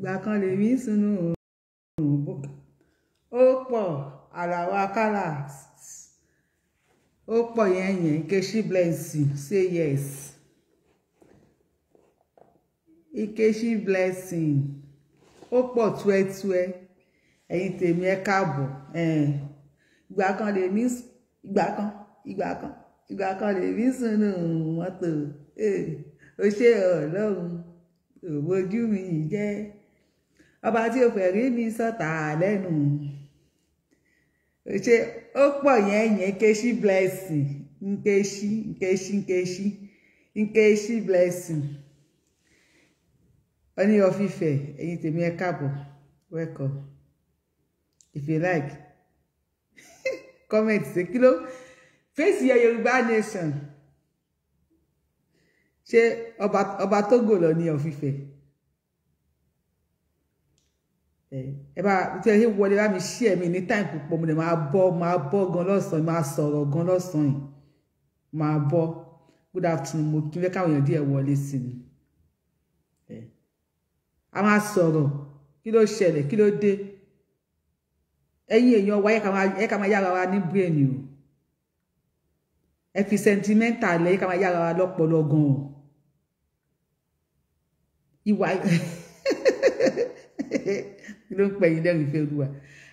ìgbà kan lèmi sunu òòrùn ó pọ̀ àràwà kálà ó pọ̀ yẹn yẹn Nkechi Blessing say yes Nkechi Blessing ó pọ̀ tuẹ́tuẹ́ ẹ̀yin tèmi ẹ káàbọ̀ ìgbà kan lèmi ìgbà kan ìgbà kan ìgbà kan lèmi sunu mọ́tò ó ṣe ọlọ́run òbójú mi jẹ́ ọba tí o fẹ́ rí mi sọ̀tà lẹ́nu ṣe ó pọ̀ yẹn yẹn Nkechi blessing Nkechi Nkechi Nkechi Nkechi blessing ọní ọfífẹ ẹ̀yin tèmi ẹ káàbọ̀ welcome if you like comment ṣe kí ló fèsì yẹ Yorùbá nation ṣe ọba Togo lọ ní ọfífẹ. Eh, ẹ bá tí ẹ wọlé bá mi ṣí ẹ̀mí ní táì púpọ̀ mo lè máa bọ́ máa bọ́ gan lọ́sàn-án máa sọ̀rọ̀ gan lọ́sàn-án máa bọ́ good afternoon mo kí n fẹ́ káwọn èèyàn díẹ̀ wọlé sí mi eh, a máa sọ̀rọ̀ kí ló ṣẹlẹ̀ kí ló dé ẹ̀yin èèyàn wa ẹ ká máa yára wa ní brain o ẹ fi sentimental lẹ ẹ ká máa yára wa lọ́pọlọ gan o ìwà kí ló ń pẹ́ yín lẹ́rìn ìfẹ́ olúwa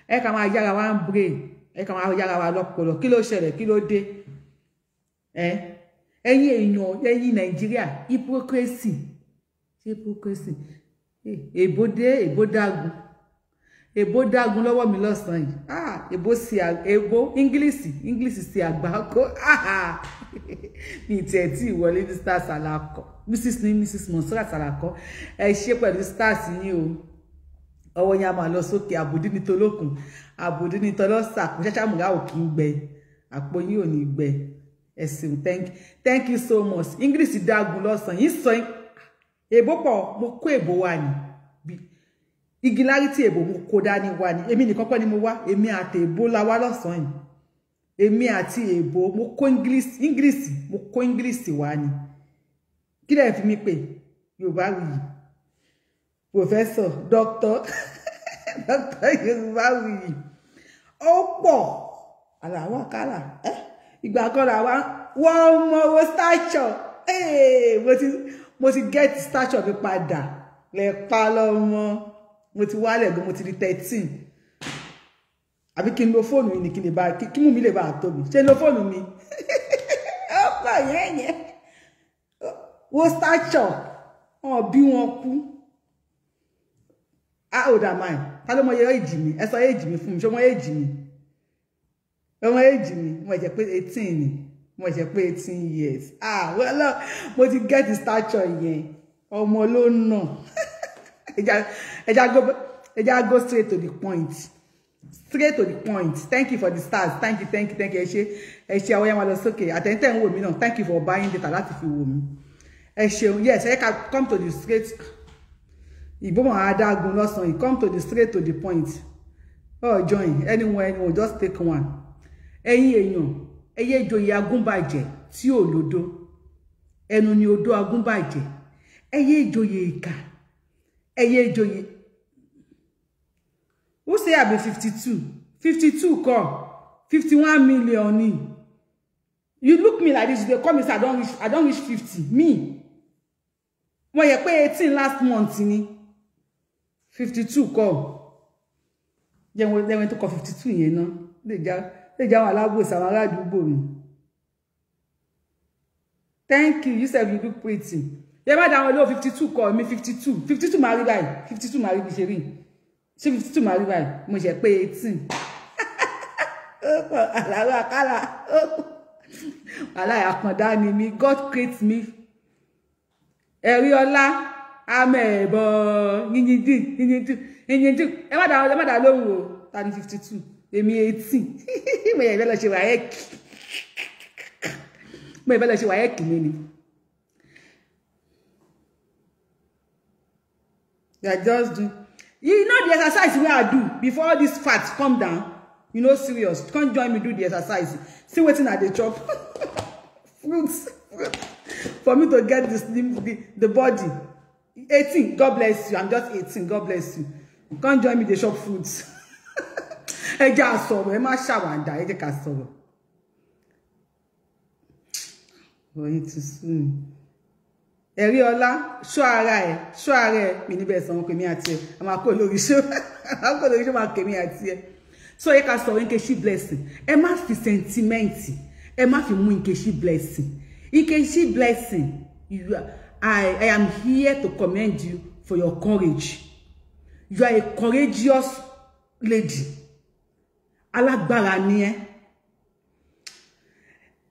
ẹ kà máa yára wa ń brain ẹ kà máa yára wa lọ́pọlọ kí ló ṣẹlẹ̀ kí ló dé ẹ ẹ̀yin èèyàn ẹ̀yin nàìjíríà hypocrisy hypocrisy èbó dé èbó dágun èbó dágun lọ́wọ́ mi lọ́sàn-án yìí ah èbó sí èbó ingilisi ingilisi sí àgbákò ah, ah mi tiẹ̀ tí ìwọlé ní stars alakọ mrs ní mrs monserrat alakọ ẹ ṣe pẹ̀lú stars yín o ọwọ́ yẹn a máa lọ sókè àbòdí ní tolókun àbòdí ní tọlọ́sà kò ṣáṣá mùgá ò kí ń gbẹ àpò yín ò ní gbẹ ẹ ṣeun thank you so much english dágun lọ́sàn-án yìí sọ èbó pọ̀ mo kó èbó wa ni igi lárí tí èbó mo kó dání wa ni èmi nìkan pẹ́ ni mo wá èmi àti èbó la wá lọ́sàn-án yìí èmi àti èbó mo kó english english mo kó english wa ni kí lẹ́yìn fi mi pè yorùbá wuyì professor doctor doctor Yorùbáwùyí ó pọ̀ àlàwọ̀ kálà ìgbà kan làwa wọ́n mọ̀wó stature mo ti get stature mi padà lẹ́pa lọ́mọ mo ti wálẹ̀ gan mo ti di thirteen àbí kí n lo fóònù mi ní kí n lè bá kí mú mi lè bá a tóbi ṣe lo fóònù mi ọ̀pọ̀ yẹn yẹn wo stature wọn bí wọn kú how ah, old am I ta ló mọ iye èjì mi ẹ sọ èjì mi fún mi ṣé ọmọ èjì mi ọmọ èjì mi mo jẹ́ pé eighteen ni mo jẹ́ pé eighteen years ah well mo ti get the stature yẹn ọmọ ló nà ẹja go go straight to the point straight to the point thank you for the stars thank you thank you thank you ẹ ṣe ẹ ṣe àwọn yẹn máa lọ sókè àtẹ̀yìntẹ̀ ń wò mí thank you for buying data láti fi wò mí ẹ yes ẹ ká come to the straight. Igbomo Adagun Losan, he come to the straight to the point. Oh, join anyone, anyone, just take one. Ẹ̀yin èèyàn, ẹ̀yẹ́ ìjòyè agúnbàjẹ́ tí ò lódó. Ẹnu ni odó agúnbàjẹ́. Ẹ̀yẹ́ ìjòyè ìkà. Ẹ̀yẹ́ ìjòyè. Ó ṣe àbí 52. 52 kọ́. 51 million ni. You look me like this, you dey call me say I don reach, I don reach 50. Me. Wọ́n yẹ pé 18 last month ni fifty two kọ́ jẹ́wọ́n lẹ́wọ́n tó kọ fifty two yẹn náà lè já lè já àwọn alábòsí àwọn ará mi thank you you sef you look pretty yẹ má dáwọn lóò fifty two kọ mi fifty two fifty two máa rí báyìí fifty two máa rí bí ṣe rí ṣé fifty two máa rí báyìí mo ṣe pé eighteen àlàó àkàlà aláì àkàndá ni mi God create me ẹ̀rí ọlá amẹ̀bọ yíyíndì yíyíndì yíyíndì ẹ má dà ẹ má dà lóhùn o ta fifty two èmi eighteen mo yẹ ìfẹ́ lọ ṣe wáyẹ́kì mo yẹ ìfẹ́ lọ ṣe wáyẹ́kì mi ni. they are just do you know the exercise wey i do before all this fat come down you know serious come join me do the exercise see wetin i dey chop fruits for me to get the slim the, the body 18 god bless you i'm just 18 god bless you come join me dey shop foods ẹ jẹ́ a sọ̀rọ̀ ẹ má ṣàwàdà ẹ jẹ́ ká sọ̀rọ̀ oyin ti sùn ẹ̀rí ọlá ṣọ́ ara ẹ̀ ṣọ́ ara ẹ̀ mi níbẹ̀ sọ̀rọ̀ pèmí àti I'm a máa kó lórí ṣó a kó lórí ṣó máa pèmí àti ẹ̀ so ẹ ká sọ̀rọ̀ Nkechi blessing ẹ má fi sẹ́ńtímẹ́ǹtì ẹ má fi mú Nkechi blessing Nkechi blessing you are. I, I am here to commend you for your courage. You are a courageous lady. Alágbára ni ẹ́.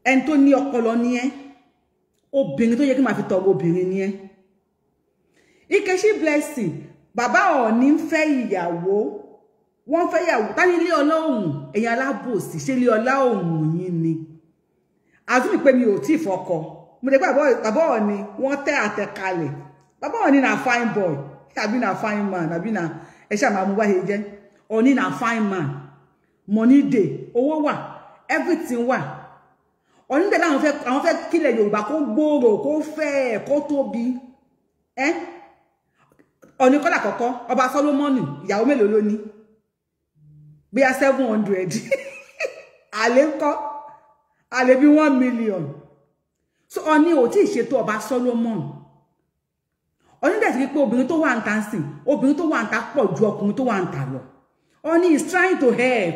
Ẹni tó ní ọpọlọ ni ẹ́. Obìnrin tó yẹ kí màá fi tọrọ obìnrin ni ẹ́. Ikechi blessing, Baba o ń fẹ́ ìyàwó. Wọ́n fẹ́ ìyàwó. Tá ní ilé ọlá òun? Ẹ̀yin alábòsí, ṣé ilé ọlá òun yín ni? Àtúntò pé mi ò tí ì mo dẹ̀ pé bàbá Ọọ̀ni wọ́n tẹ́ àtẹ̀kalẹ̀ bàbá Ọọ̀ni na fine boy àbí na fine man àbí na ẹ ṣáà máa mú báyìí jẹ́ Ọọ̀ni na fine man money dey owo wa everything wa oni de dẹ̀ láwọn fẹ́ àwọn fẹ́ kile Yorùbá kó gbòòrò kó fẹ́ kó tóbi ẹ́ Ọọ̀ni kọ́lá kọ́kọ́ ọba Solomoni ìyàwó mélòó ló ní bóyá seven hundred àlè ń kọ́ àlè bí one million so ọ̀ní ò tí ì ṣètò ọba Solomon ọ̀ní dẹ̀ ti rí pé to tó wà ń ta to sìn obìnrin tó wà ń ta pọ̀ ju ọkùnrin tó wà ń ta lọ is trying to help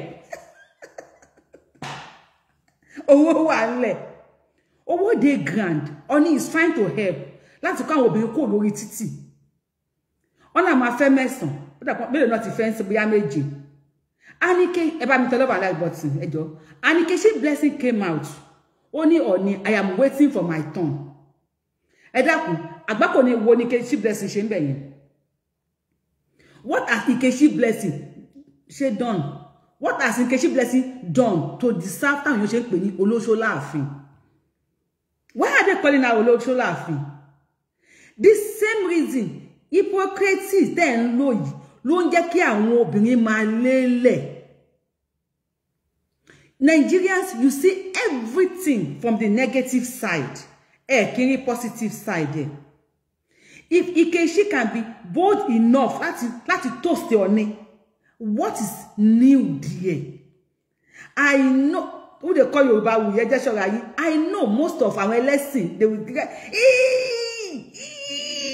owó wà ńlẹ̀ owó dey grand ọ̀ní is trying to help láti kó àwọn obìnrin kò lórí títì ọ̀nà máa fẹ́ mẹ́sàn-án ó dàpọ̀ mélòó náà ti fẹ́ ń sin bóyá méje anike ẹ bá mi tẹ lọ́wọ́ aláìbọ̀tì ẹjọ́ anike ṣé blessing came out ó ní i am waiting for my turn ẹ dákun àgbákò ni wo ni Nkechi Blessing ṣe ń bẹ̀ yẹn what has Nkechi Blessing She done what has Nkechi Blessing done to deserve táwọn èèyàn ṣe ń pè ní olóṣó why are they calling her olóṣó láàfin the same reason hypocrisy tẹ́ ń lò yìí ló ń jẹ́ kí lele. Nigerians, you see everything from the negative side. Eh, kiri positive side. Eh. If Ikechi can be bold enough, let it toast your name. What is new there? I know who they call you wu ye just I know most of our lesson they will get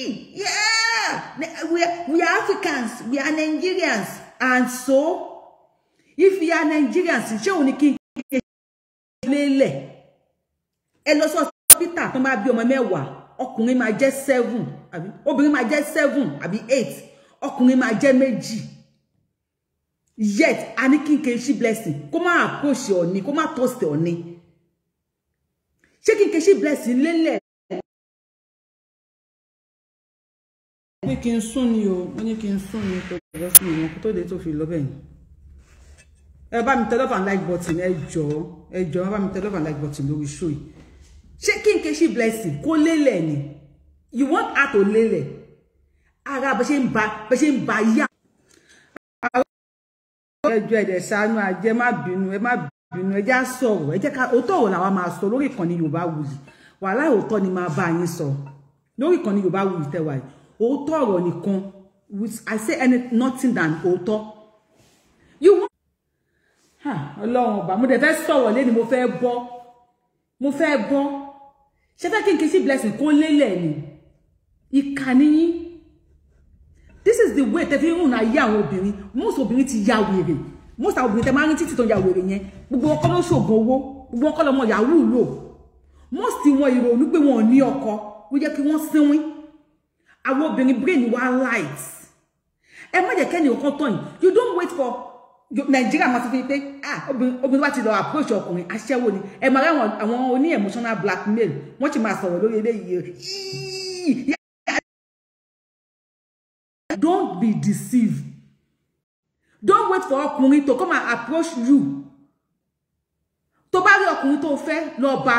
yeah. We are, we are Africans, we are Nigerians, and so if we are Nigerians, show òun lélẹ̀ ẹ lọ sí ọsibítà tó máa bí ọmọ mẹ́wàá ọkùnrin máa jẹ́ seven àbí obìnrin máa jẹ́ seven àbí eight ọkùnrin máa jẹ́ méjì yet a ní kí n kì í ṣí blessing kó má àpòṣe ọ̀ni kó má tọ̀sẹ̀ ọ̀ni ṣé kí n kì í ṣí blessing lélẹ̀. ní kí n sún ni o ní kí n sún ni tó bẹ̀rẹ̀ sí ìwọ̀n kó tó dé tó fi lọ bẹ́ẹ̀ yẹn ẹ bá mi tẹ love and like button ẹ jọ̀ọ́ ẹ jọ̀ọ́ ẹ bá mi tẹ love and like button lórí show yìí ṣé kí n ké ṣí blessing kó lélẹ̀ ni you want her to lélẹ̀ ara bó ṣe ń ba bó ṣe ń ba yá. ẹjọ́ ẹ̀dẹ̀ ṣàánú ajẹ́ má bínú ẹ má bínú ẹ já sọ̀rọ̀ ẹ jẹ́ ká òótọ́ ọ̀rọ̀ làwa máa sọ lórí ìkànnì Yorùbá Wuyì wàhálà òótọ́ ni máa bá yín sọ lórí ìkànnì Yorùbá Wuyì tẹwà yìí òótọ́ ọ̀rọ̀ nìkan I say anything nothing than òótọ́ you ọlọ́run ọba mo dẹ̀ fẹ́ sọ̀rọ̀ lé ni mo fẹ́ bọ́ mo fẹ́ bọ́ ṣé fẹ́ kí n kí sí blessing kó lélẹ̀ ni ìkà níyín this is the way tẹ́ fi ń rùn ayé àwọn obìnrin most obìnrin ti ya wèrè most àwọn obìnrin tẹ́ máa ń rí títí tó ya wèrè yẹn gbogbo ọkọ ló ṣògùn owó gbogbo ọkọ lọmọ yahoo lò most wọn ìrònú pé wọn ò ní ọkọ ló jẹ́ kí wọ́n sínwín àwọn obìnrin brain wa light ẹ má jẹ́ kẹ́ni ọkọ tán yìí you don't wait for nàìjíríà máa ti fi pé obìnrin bá ti lọ approach ọkùnrin aṣẹ́wó ni ẹ máa ráwọn àwọn oní emotional blackmail wọ́n ti máa sọ̀rọ̀ lórí eléyìí don't be deceived don't wait for ọkùnrin to come and approach you tó bá rí ọkùnrin tó fẹ́ lọ bá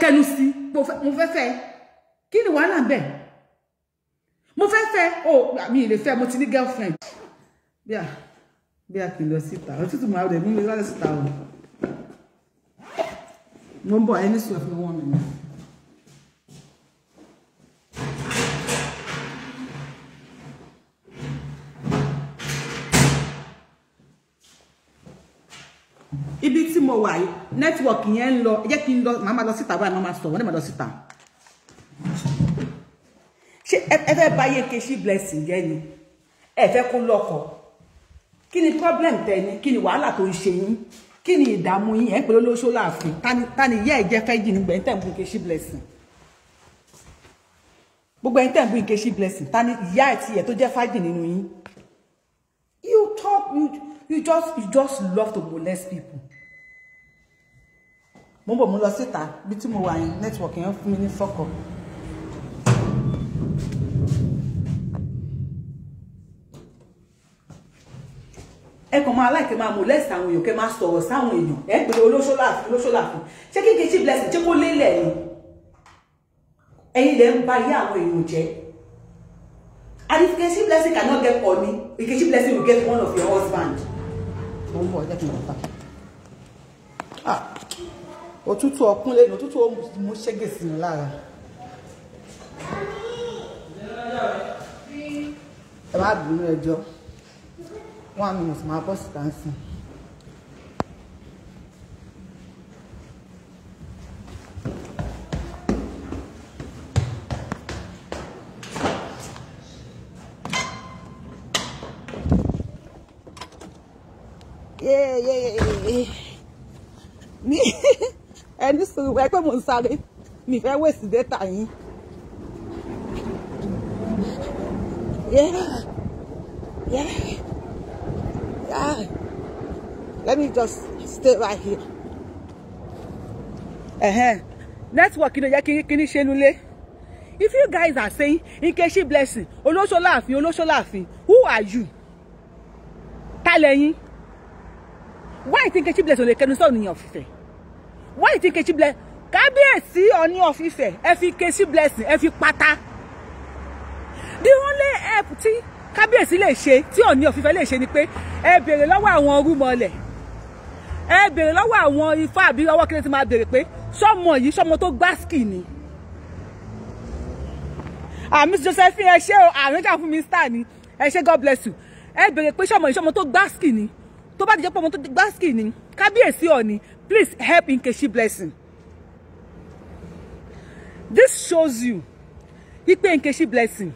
kẹnu sí mo fẹ́ fẹ́ kí ni wàhálà ń bẹ̀ mo fẹ́ fẹ́ Oh, mi ì lè fẹ́ mo ti ní girlfriend yeah bí a kì í lọ síta òtútù máa rẹ̀ mú mi lọ síta o mo ń bọ̀ ẹni sùn fún wọn mi. ibi tí mo wà yìí nẹ́tíwọ̀kì yẹn ń lọ jẹ́ kí n lọ màá máa lọ síta báyìí màá máa sọ̀rọ̀ ní màá lọ síta. ṣé ẹ fẹ́ báyé keṣí blessing jẹ́ ni ẹ fẹ́ kó lọ́kọ̀ọ́ kí ni problem tẹ kí ni wàhálà tó ń ṣe yín kí ni ìdààmú yín ẹ̀ ń pè láàfin tani yẹ́ ẹ̀ jẹ́ fẹ́ jì nígbà ẹ̀ ń bu Nkechi blessing gbogbo ẹ̀ ń bu Nkechi blessing tani ìyá ẹ̀ tiẹ̀ tó jẹ́ fájì nínú yín you talk you, you just you just love to molest people mo ń bọ̀ mo lọ síta bí tí mo wà yẹn nẹ́tíwọ̀kì yẹn fún mi ní fọ́kọ̀ọ́. ẹ kàn máa láìkẹ́ máa molest àwọn èèyàn kẹ́ máa sọ̀rọ̀ sáwọn èèyàn ẹ pè olóṣó láàfin olóṣó láàfin ṣé kí Nkechi Blessing ṣé kó lélẹ̀ ni ẹ̀yin lẹ ń ba iye àwọn èèyàn jẹ́ and if Nkechi Blessing cannot get money Nkechi Blessing will get one of your husband. mo ń bọ̀ ẹ jẹ́ kí n bọ̀ ká ah, òtútù ọkún lẹ́nu òtútù ó mú ṣẹ́gẹ̀ sí mi lára ẹ má bínú ẹjọ́ one minute máa bọ́ síta sí i. yeah yeah yeah mi ẹni sùn ẹ pé mo ń sáré mi fẹ́ wèsì dẹ́ta yín yeah yeah ah, let me just stay right here. Uh-huh. Network, you know, kí ni ṣe nílé. If you guys are saying, in case Nkechi Blessing, Olóṣó láàfin, so laughing. who are you? Ta lẹ̀yin? Why think she Blessing le kẹnu sọ ni of Ifẹ̀? Why think Nkechi Blessing? Kábíyèsí Ọọ̀ni of Ifẹ̀, ẹ fi Nkechi Blessing, ẹ fi pátá. The only empty kábíyèsí lè ṣe tí Ọọ̀ni of Ifẹ̀ lè ṣe ni pé ẹ béèrè lọ́wọ́ àwọn irúnmọlẹ̀ ẹ béèrè lọ́wọ́ àwọn ifá àbí ọwọ́ kí ló ti máa béèrè pé sọ́mọ yìí sọ́mọ tó gbásìkì ni àmì ah, Josephine ẹ ṣé o àrùn ah, jà fún mi star ni ẹ ṣé God bless you ẹ béèrè pé sọ́mọ yìí sọ́mọ tó gbásìkì ni tó bá ti jẹ́ pé tó gbásìkì ni kábíyèsí Ọọ̀ni please help in Nkechi Blessing this shows you ipe Nkechi Blessing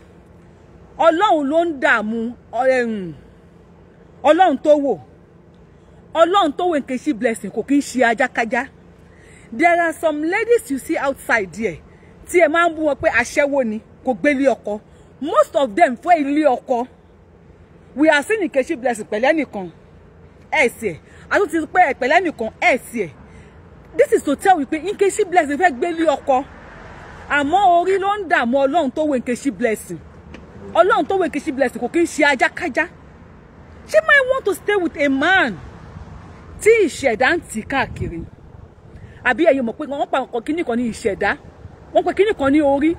ọlọ́run ló ń dààmú ọlọ́run tó wò ọlọ́run tó wò ń kèsì blessing kò kí ń ṣe ajákájá there are some ladies you see outside there tí ẹ máa ń bú wọn pé aṣẹ́wó ni kò gbélé ọkọ most of them fẹ́ ilé ọkọ we are seeing nkechi blessing pẹ̀lẹ́ nìkan ẹ̀ sí ẹ̀ àtúntì pé ẹ̀ pẹ̀lẹ́ nìkan ẹ̀ sí ẹ̀ this is to tell you pé nkechi blessing fẹ́ gbélé ọkọ àmọ́ orí ló ń dààmú ọlọ́run tó wò nkechi blessing ọlọ́run tó wé Nkechi Blessing kò kí ń ṣe ajákájá she might want to stay with a man tí ìṣẹ̀dá ń tì káàkiri àbí ẹ̀yin mọ̀ pé wọ́n pa nǹkan kíní kan ní ìṣẹ̀dá wọ́n pe kíní kan ní orí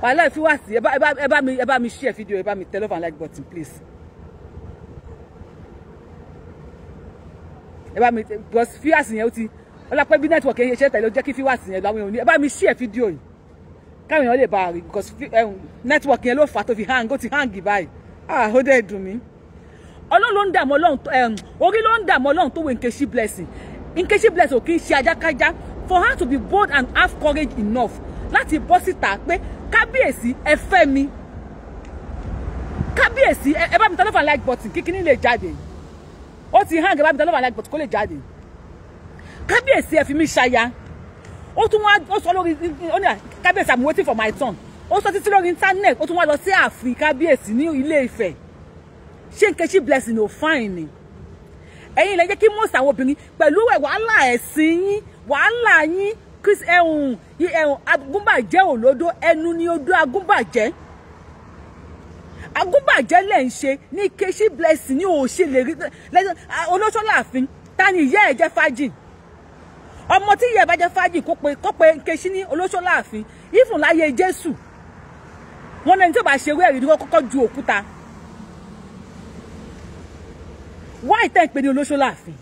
wàhálà ìfíwàsí ẹ bá mi ẹ bá mi share video ẹ bá mi tẹ love and like button please. ẹ bá mi bros fíwàsí yẹn ó ti ọlápẹ́ bí network yẹn ṣe tẹ̀lé ó jẹ́ kí fíwàsí yẹn láwọn èèyàn ní ẹ bá mi share video yìí káwọn èèyàn lè bá a because network yẹn ló fà á tó fi hang ó ti hang báyìí ah ó dẹ̀ dùn mí ọlọ́run ló ń dààmú ọlọ́run orí ló ń dààmú ọlọ́run tó wé Nkechi Blessing Nkechi Blessing ò kí ń ṣe ajákájá for her to be bold and have courage enough láti bọ́ síta pé kábíyèsí ẹ fẹ́ mi kábíyèsí ẹ bá mi tán lọ́fà like button kíkíní lè jáde ó ti hang ẹ bá mi tán lọ́fà like button kó lè jáde kábíyèsí ẹ fi mí ṣaya ó tún wá ó sọ lórí ó ní kábíyèsí i'm waiting for my turn ó sọ títí lórí internet ó tún wá lọ sí ààfin kábíyèsí ní ilé Ifẹ̀ ṣé Nkechi Blessing ò fáìn ni ẹ̀yin ilẹ̀ jẹ́ kí most àwọn obìnrin pẹ̀lú wàhálà ẹ̀sìn yín wàhálà yín chris ẹ̀hún ẹ̀hún agúnbàjẹ́ òlódó ẹnu ni odó agúnbàjẹ́ agúnbàjẹ́ lẹ̀ ń ṣe ní Nkechi Blessing ní òṣèlérí olóṣòlàfin ta ni ìyá ẹ̀ jẹ́ fájìn ọmọ tí ìyá ìbàjẹ́ fájì kó pe kó pe nkeṣí ní olóṣó láàfin ìfún láyé jésù wọn lẹni tí ò bá ṣe ewé ẹ̀rí ni wọ́n kọ́kọ́ ju òkúta wá ìtẹ́ ìpè ní olóṣó láàfin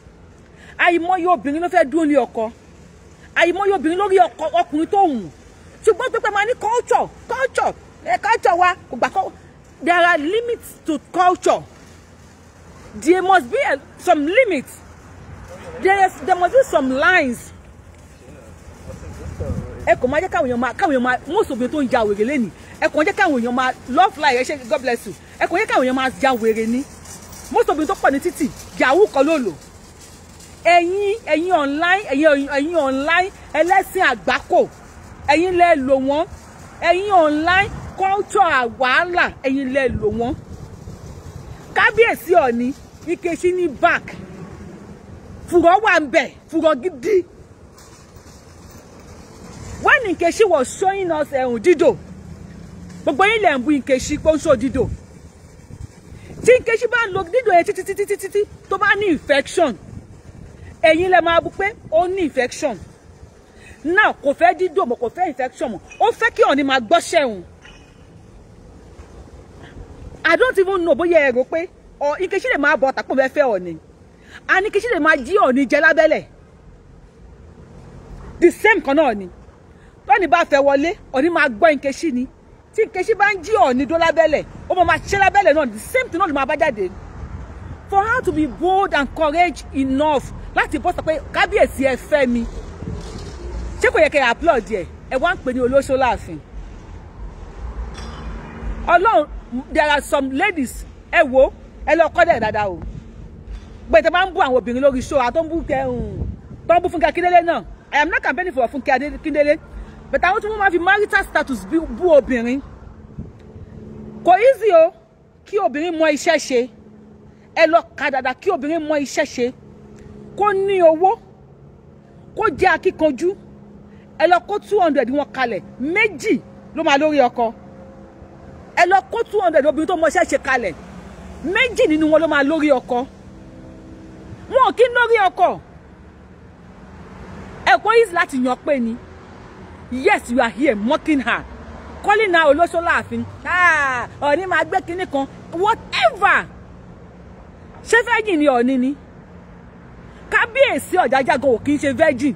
àìmọye obìnrin ló fẹ́ dúró lé ọkọ àìmọye obìnrin lórí ọkọ ọkùnrin tó hùn ṣùgbọ́n pípẹ́ máa ní culture culture ẹ̀ culture wa kò gbà kọ́ there are limits to culture there must be uh, some limits there, there must be some lines ẹ kò máa jẹ́ káwọn èèyàn máa káwọn èèyàn máa most obìnrin tó ń ja wèrè lẹ́nìí ẹ kò jẹ́ káwọn èèyàn máa love life ẹ ṣe god bless you ẹ kò jẹ́ káwọn èèyàn máa ja wèrè ní most obìnrin tó pọ̀ ní títì yahoo kan ló lò ẹ̀yin ẹ̀yin online ẹ̀yin ẹ̀yin online ẹlẹ́sìn àgbákò ẹ̀yin lẹ́ lò wọ́n ẹ̀yin online culture wàhálà ẹ̀yin lẹ́ lò wọ́n kábíyèsí ọ̀ni ikechi ní back fùrọ̀ wà ń bẹ̀ fùrọ̀ gidi when Nkechi was showing us ẹ̀hún eh, dídò gbogbo yín lẹ̀ ń bu Nkechi pé ó ń ṣó dídò tí Nkechi bá ń lo dídò yẹn títí títí títí tí tó bá ní infection ẹ̀yin lẹ máa bu pé ó ní infection náà kò fẹ́ dídò mọ́ kò fẹ́ infection mọ́ ó fẹ́ kí ọ̀nì máa gbọ́ṣẹ́ òun I don't even know bóyá ẹ rò pé ọ Nkechi lè máa bọ̀ tàpọ̀ bẹ́ẹ̀ fẹ́ ọ̀nì a ní Nkechi lè máa jí ọ̀nì jẹ lábẹ́lẹ̀ the same kan náà ni tọ́ni bá fẹ́ wọlé ọ̀ní máa gbọ́ Nkechi ni tí Nkechi bá ń jí ọ̀ní dó lábẹ́lẹ̀ ó máa ṣe lábẹ́lẹ̀ náà the same thing náà ló máa bá jáde for her to be bold and courage enough láti bọ́ sọ pé kábíyèsí ẹ fẹ́ mi ṣé kò yẹ kẹ́ ẹ applaud ẹ ẹ wá ń pè ní olóṣó láàfin ọlọ́run there are some ladies ẹ wo ẹ lọ kọ́ dẹ̀ dáadáa o pé tẹ máa ń bú àwọn obìnrin lórí show àtọ́ ń bú kẹ́ um, tó ń bú Fúnkẹ́ Akíndélé náà I am not campaigning for Fúnkẹ́ Akíndélé but I want to máa my marital status bú obìnrin kò easy o kí obìnrin mọ iṣẹ́ ṣe ẹ lọ ka dáadáa kí obìnrin mọ iṣẹ́ ṣe kó ní owó kó jẹ́ akíkanjú ẹ lọ kó two hundred wọn Meji méjì ló máa lórí ọkọ ẹ lọ kó two hundred obìnrin tó mọ iṣẹ́ ṣe kalẹ̀ méjì nínú wọn ló máa lórí ọkọ wọn ò kí lórí easy láti yàn pé ni yes you are here mocking her calling her olóṣó laughing. ah Ọọ̀ni máa gbé kinní kan whatever ṣé virgin ni Ọọ̀ni ni kábíyèsí ọ̀jájágan ò kì í ṣe virgin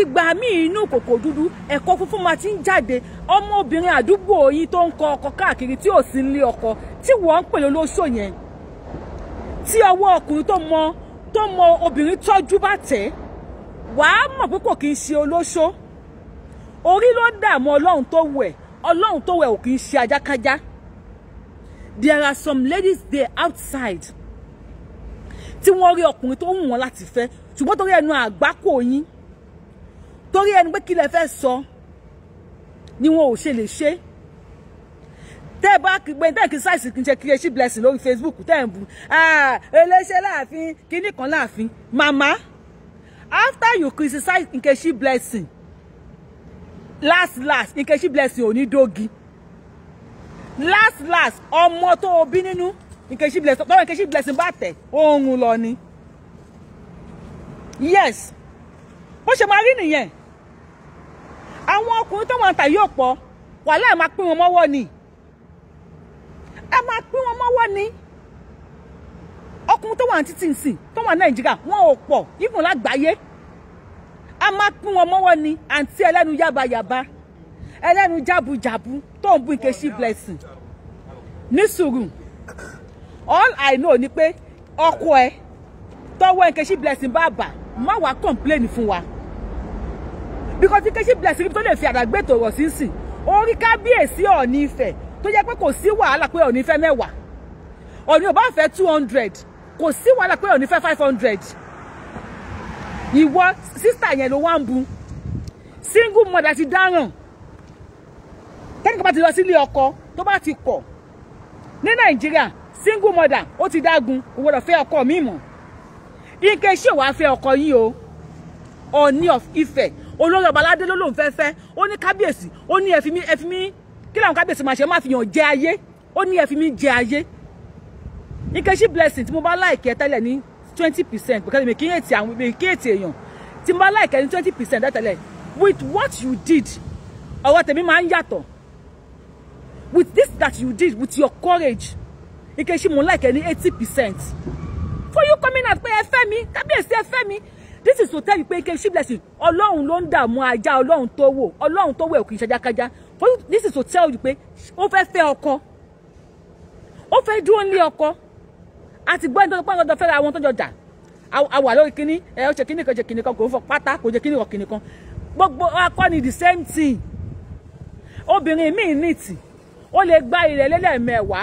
ìgbà míì inú kòkò dúdú ẹ̀kọ́ funfun máa ti ń jáde ọmọbìnrin àdúgbò yìí tó ń kọ ọkọ káàkiri tí ò sí nílé ọkọ tí wọ́n ń pè lólóṣò yẹn tí ọwọ́ ọkùnrin tó mọ tó mọ obìnrin tọ́jú bá tẹ̀ ẹ́ wàá mọ̀ pé kò kì í ṣe olóṣó orí ló dààmú ọlọ́run tó wẹ̀ ọlọ́run tó wẹ̀ ò kì í ṣe ajákájá there are some ladies there outside tí wọ́n rí ọkùnrin tó wù wọ́n láti fẹ́ ṣùgbọ́n torí ẹnu àgbákò yín torí ẹnu pé kí lẹ fẹ́ sọ ni wọn ò ṣe lè ṣe tẹ́ bá gbẹ tẹ́ kí sáìsì kí n ṣe creative blessing lórí Facebook tẹ́ ń bu ah, eléṣẹ́ láàfin kíní kan láàfin màmá after you criticize in case she Blessing last last in case Nkechi Blessing onídógi last last ọmọ tó o bí nínú Nkechi Blessing tọ́wọ́ Nkechi Blessing bá tẹ̀ oorun lọ ni yes bó ṣe máa rí nìyẹn àwọn ọkùnrin tó wọn ta yóò pọ̀ wàhálà máa pín wọn mọ́wọ́ ni ẹ máa pín wọn mọ́wọ́ ni tó wà ní títì nsìn tó wà nàìjíríà wọn ò pọ̀ ìfún lágbàáyé a máa pín wọn mọ́wọ́ ni àǹtí ẹlẹ́nu yábayàba ẹlẹ́nu jábujàbu tó ń bú Nkechi Blessing ní sùúrù all i know ni pé ọkọ ẹ tọwọ́ Nkechi Blessing bá bà má wàá complain fún wa because Nkechi Blessing tó lè fi àdàgbé tòrọ̀ sí sìn orí kábíyèsí Ọọ̀ni Ifẹ̀ tó jẹ́ pé kò sí wàhálà pé Ọọ̀ni fẹ́ mẹ́wàá Ọọ̀ni ò bá fẹ́ two hundred kò sí wàhálà pé òní fẹ́ five hundred ìwọ sísítà yẹn ló wá ń bu single mother ti dáràn tẹ́nìkan bá ti lọ sílé ọkọ tó bá ti kọ̀ ní nàìjíríà single mother ó ti dágun owó lọ fẹ́ ọkọ mi mọ̀ ike ṣe wàá fẹ́ ọkọ yín o Ọọ̀ni of Ifẹ̀ olórí ọba aládé ló lòún fẹ́ fẹ́ ó ní kábíyèsí ó ní ẹ fi mí ẹ fi mí kí làwọn kábíyèsí máa ṣe má fi yàn jẹ ayé ó ní ẹ fi mí jẹ ayé Nkechi Blessing tí mo bá láìkẹ́ tẹ́lẹ̀ ní twenty percent because mi kí ètì àwọn mi kí ètì èèyàn tí mo bá láìkẹ́ ní twenty percent tẹ́lẹ̀ with what you did ọwọ́ tèmi máa ń yàtọ̀ with this that you did with your courage Nkechi mo láìkẹ́ ní eighty percent for you coming out pé ẹ fẹ́ mi kábíyèsí ẹ fẹ́ mi this is to tell you pé Nkechi Blessing ọlọ́run ló ń dààmú ajá ọlọ́run tó wò ọlọ́run tó wò òkè ìṣajákájá for you this is to tell you pé ó fẹ́ fẹ́ ọkọ ó fẹ́ dúró nílé ọkọ a ti gbọ́ nítorí pọ́n dandan fẹ́ra àwọn tó jọ jà a wà lórí kínní ẹ ó ṣe kínní kan ṣe kínní kan kò ń fọ pátá kò ṣe kínní kan kínní kan gbogbo akọni the same thing obìnrin míì ní ìtì ó lè gba ilẹ̀ lẹ́lẹ́mẹ̀wá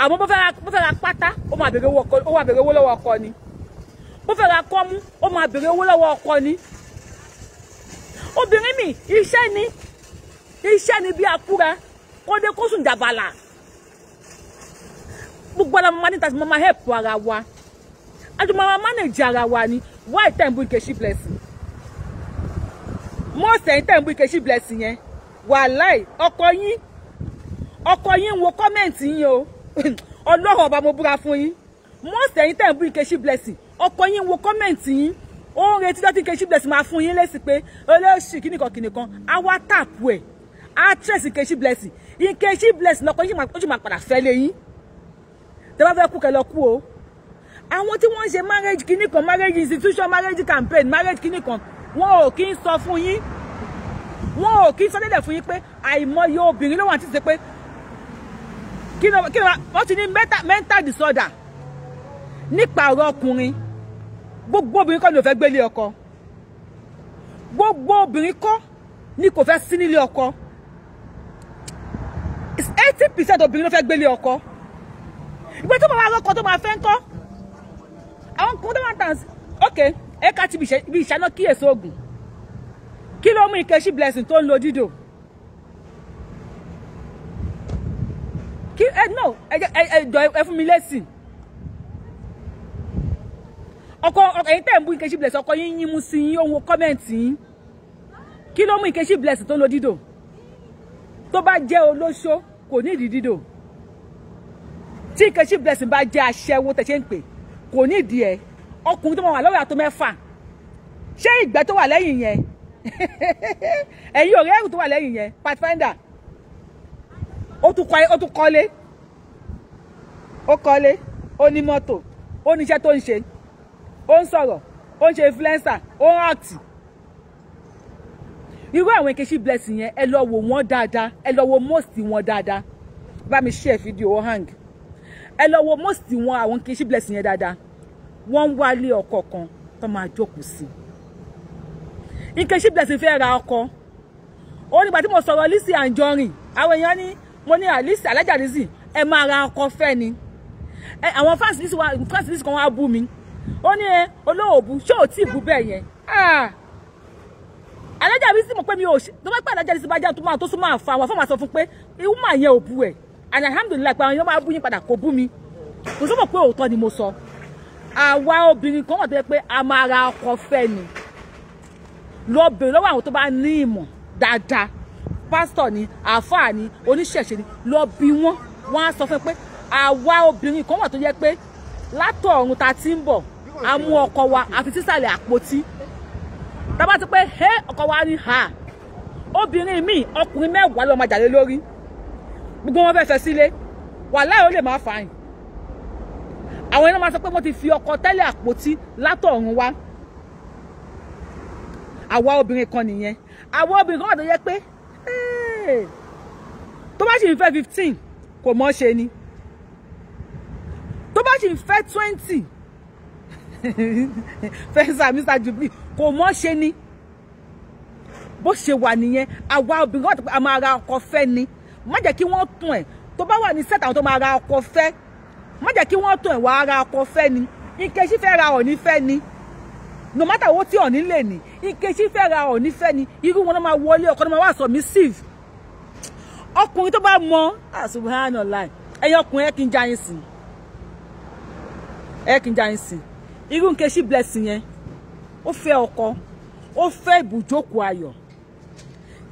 àmọ́ bó fẹ́ ra pátá ó máa bèrè owó lọ́wọ́ ọkọ ni bó fẹ́ ra kọ́mú ó máa bèrè owó lọ́wọ́ ọkọ ni obìnrin mi iṣẹ́ ni iṣẹ́ ni bí akúra kó dé kó sùn jàbàlà gbogbo ara mama níta sí mama help ara wa àjọ mama manage ara wa ni why tẹ̀ ń bú Nkechi Blessing mọ́ọ̀sẹ̀ yìí tẹ̀ ń bú Nkechi Blessing yẹn wàláì ọkọ yín ọkọ yín ń wo kọ́mẹ̀ǹtì yín o ọlọ́run ọba mo búra fún yín mọ́ọ̀sẹ̀ yìí tẹ̀ ń bú Nkechi Blessing ọkọ yín ń wo kọ́mẹ̀ǹtì yín ó ń retí dọ́tí Nkechi Blessing máa fún yín lésì pé olóòṣì kìnìkan kìnìkan á wá tàpù ẹ̀ á tẹ̀sí Nkechi Blessing Nkechi Blessing lọkọ yín ó sì máa padà fẹ́ lé yín tẹ bá fẹ́ kú kẹ lọ kú o àwọn tí wọ́n ń ṣe marriage kinní kan marriage institution marriage campaign marriage kinní kan wọn ò kí ń sọ fún yín wọn ò kí ń sọ dédé fún yín pé àìmọye obìnrin ló wà tí ṣe pé kí ni wọ́n ti ní mental disorder nípa ọ̀rọ̀ ọkùnrin gbogbo obìnrin kọ́ ni ò fẹ́ gbélé ọkọ gbogbo obìnrin kọ́ ni kò fẹ́ sí nílé ọkọ eighty percent obìnrin ló fẹ́ gbélé ọkọ ìgbé tó máa wá lọ́kọ tó máa fẹ́ ń kọ́ àwọn kan tó máa ń tàn ok ẹ̀ka ti ibi ìṣáná kíyèsí oògùn kí ló mú Nkechi Blessing tó ń lo dídò kí ẹ no ẹ jọ ẹ fún mi lẹ́sìn ọkọ ẹ̀yin tẹ́ ń bú Nkechi Blessing ọkọ yín yín mú sí yín òun kọ́mẹ̀ntì yín kí ló mú Nkechi Blessing tó ń lo dídò tó bá jẹ́ olóṣó kò ní dídò tí Nkechi Blessing bá jẹ́ aṣẹ́wó tẹ̀ ṣe ń pè kò ní ìdí ẹ̀ ọkùnrin tó máa wà lọ́wọ́ àtọ́ mẹ́fà ṣé ìgbẹ́ tó wà lẹ́yìn yẹn ẹ̀yin ọ̀rẹ́ ẹ̀rù tó wà lẹ́yìn yẹn pathfinder ó tún kọ́lé ó kọ́lé ó ní mọ́tò ó ní iṣẹ́ tó ń ṣe ó ń sọ̀rọ̀ ó ń ṣe influencer ó ń act irú àwọn Nkechi Blessing yẹn ẹ lọ wò wọ́n dáadáa ẹ lọ wò most wọn dáadáa bá mi share fídíò ó hang ẹ lọ wo most wọn àwọn kì ṣí blessing yẹn dáadáa wọ́n ń wálé ọkọ kan tó máa jókòó sí i Nkechi Blessing fẹ́ ra ọkọ ó nígbà tí mo sọ̀rọ̀ Lizzy Anjorin àwọn èèyàn ní mo ní àlísì ah, alájà Lizzy ẹ máa ra ọkọ fẹ́ ni àwọn fans Lizzy wa fans Lizzy kan wá bú mi ó ní ẹ eh, olóòbù ṣé ò tí ì bú bẹ́ẹ̀ yẹn ah! alájà Lizzy mọ̀ pé mi ò ṣe tó bá pẹ́ alájà Lizzy bá jẹ́ tó máa tó súnmọ́ àfa àwọn afọ́mọ́ fún pé ìwúmọ̀ yẹn ò bú ẹ̀ and alhamdulilayi pé àwọn èèyàn máa bú yín padà kò bú mi kò sọ́mọ̀ pé òótọ́ ni mo sọ àwa obìnrin kan wà tó yẹ pé a máa ra ọkọ fẹ́ ni lọ bèrè lọ́wọ́ àwọn tó bá ní ìmọ̀ dáadáa pásítọ̀ ni àáfàá ni oníṣẹ̀ṣe ni lọ bí wọ́n wọ́n á sọ fún pé àwa obìnrin kan wà tó yẹ pé látọ̀ ọ̀run ta ti ń bọ̀ a mú ọkọ wa àfi sísàlẹ̀ àpótí tá bá ti pé ọkọ wa ni ha obìnrin míì ọkùnrin mẹ́wàá ló máa jà lé lórí gbogbo wọn fẹ́ẹ́ fẹ́ sílé wàhálà ó lè má fàáyìn àwọn iná máa sọ pé wọ́n ti fi ọkọ tẹ́lẹ̀ àpótí látọ̀run wá àwa obìnrin kan nìyẹn àwa obìnrin kan wà tó yẹ pé tó bá sì ń fẹ́ fifteen kò mọ́ ṣe ni tó bá sì ń fẹ́ twenty fẹ́sà mr jubilee kò mọ́ ṣe ni bó ṣe wà nìyẹn àwa obìnrin kan wà tó pé a máa ra ọkọ fẹ́ ni má jẹ́ kí wọ́n tún ẹ̀ tó bá wà ní set àwọn tó máa ra ọkọ fẹ́ má jẹ́ kí wọ́n tún ẹ̀ wá ra ọkọ fẹ́ ni Nkechi fẹ́ ra oni fẹ́ ni no matter owó oni le ni. ní Nkechi fẹ́ ra Ọ̀ọ̀ni fẹ́ ni irú wọn máa wọlé ọkọ máa wà submissive ọkùnrin tó bá mọ àṣùbọ̀nàlá ah, ẹ̀yin ọkùnrin ẹ̀ kí n já yín sìn ẹ̀ kí n já yín sìn irú Nkechi blessing yẹn o fẹ́ ọkọ ó fẹ́ ibùjókòó ayọ̀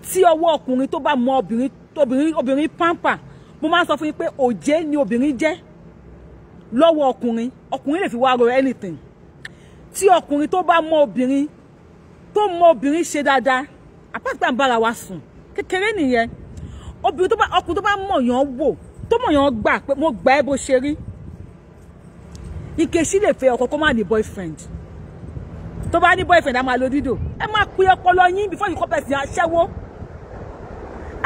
tí ọwọ́ ọkùnrin tó bá mọ obìnrin obìnrin obìnrin pampa mo máa ń sọ fún yín pé òjé ni obìnrin jẹ́ lọ́wọ́ ọkùnrin ọkùnrin lè fi wá ro anything tí ọkùnrin tó bá mọ obìnrin tó mọ obìnrin ṣe dáadáa àpáta ń bára wa sùn kékeré nìyẹn obìnrin tó bá ọkùnrin tó bá mọ̀ yàn wò tó mọ̀ yàn gbà pé mo gbà ẹ́ bó ṣe rí ìkesí lè fẹ́ ọkọ kó má ní boyfriend tó bá ní boyfriend á máa lo dídò ẹ máa pe ọpọlọ yín before you come back to your aṣẹ́wó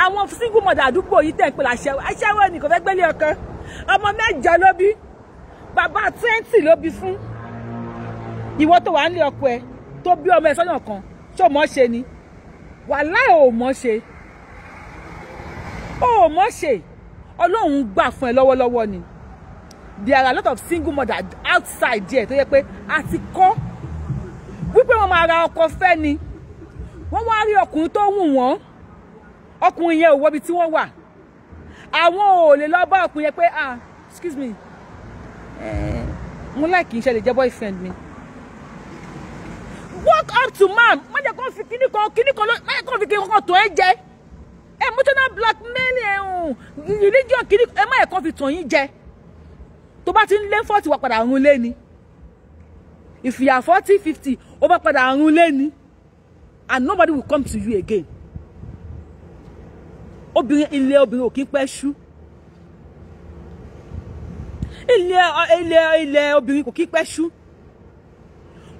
àwọn single mother àdúgbò yìí tẹ̀ ń pè láṣẹ́wó aṣẹ́wó ni kò fẹ́ gbélé ọkàn ọmọ mẹ́jọ ló bí bàbá twenty ló bí fún ìwọ tó wà nílé ọkọ ẹ tó bí ọmọ ẹ sọ́nà kan ṣó mọ̀ ṣe ni wàláì ò mọ̀ ṣe ò mọ̀ ṣe ọlọ́run gbà fún ẹ lọ́wọ́lọ́wọ́ ni there are a lot of single mothers outside there tó yẹ pé a ti kọ́ wípé wọ́n máa ra ọkọ fẹ́ ni wọ́n wá rí ọkùnrin tó wù wọ́n ọkùnrin yẹn ò wọbi tí wọ́n wà àwọn ò lè lọ bá ọkùnrin yẹn pé ah excuse me eh, mo láì kì í ṣe lè jẹ́ boyfriend mi walk up to man má jẹ́ kó fi kíní kan kíní kan ló má jẹ́ kó fi kíní kan tó ẹ jẹ emotional blackmail ẹ̀hún religion kíní ẹ má yẹ kó fi tàn yín jẹ tó bá ti ń lé fọ́ọ̀tì wà padà àrùn lé ìfìyà forty fifty ó bá padà àrùn lé and nobody will come to you again obìnrin ilé obìnrin ò kí pẹ́ ṣú ilé ilé ilé obìnrin kò kí pẹ́ ṣú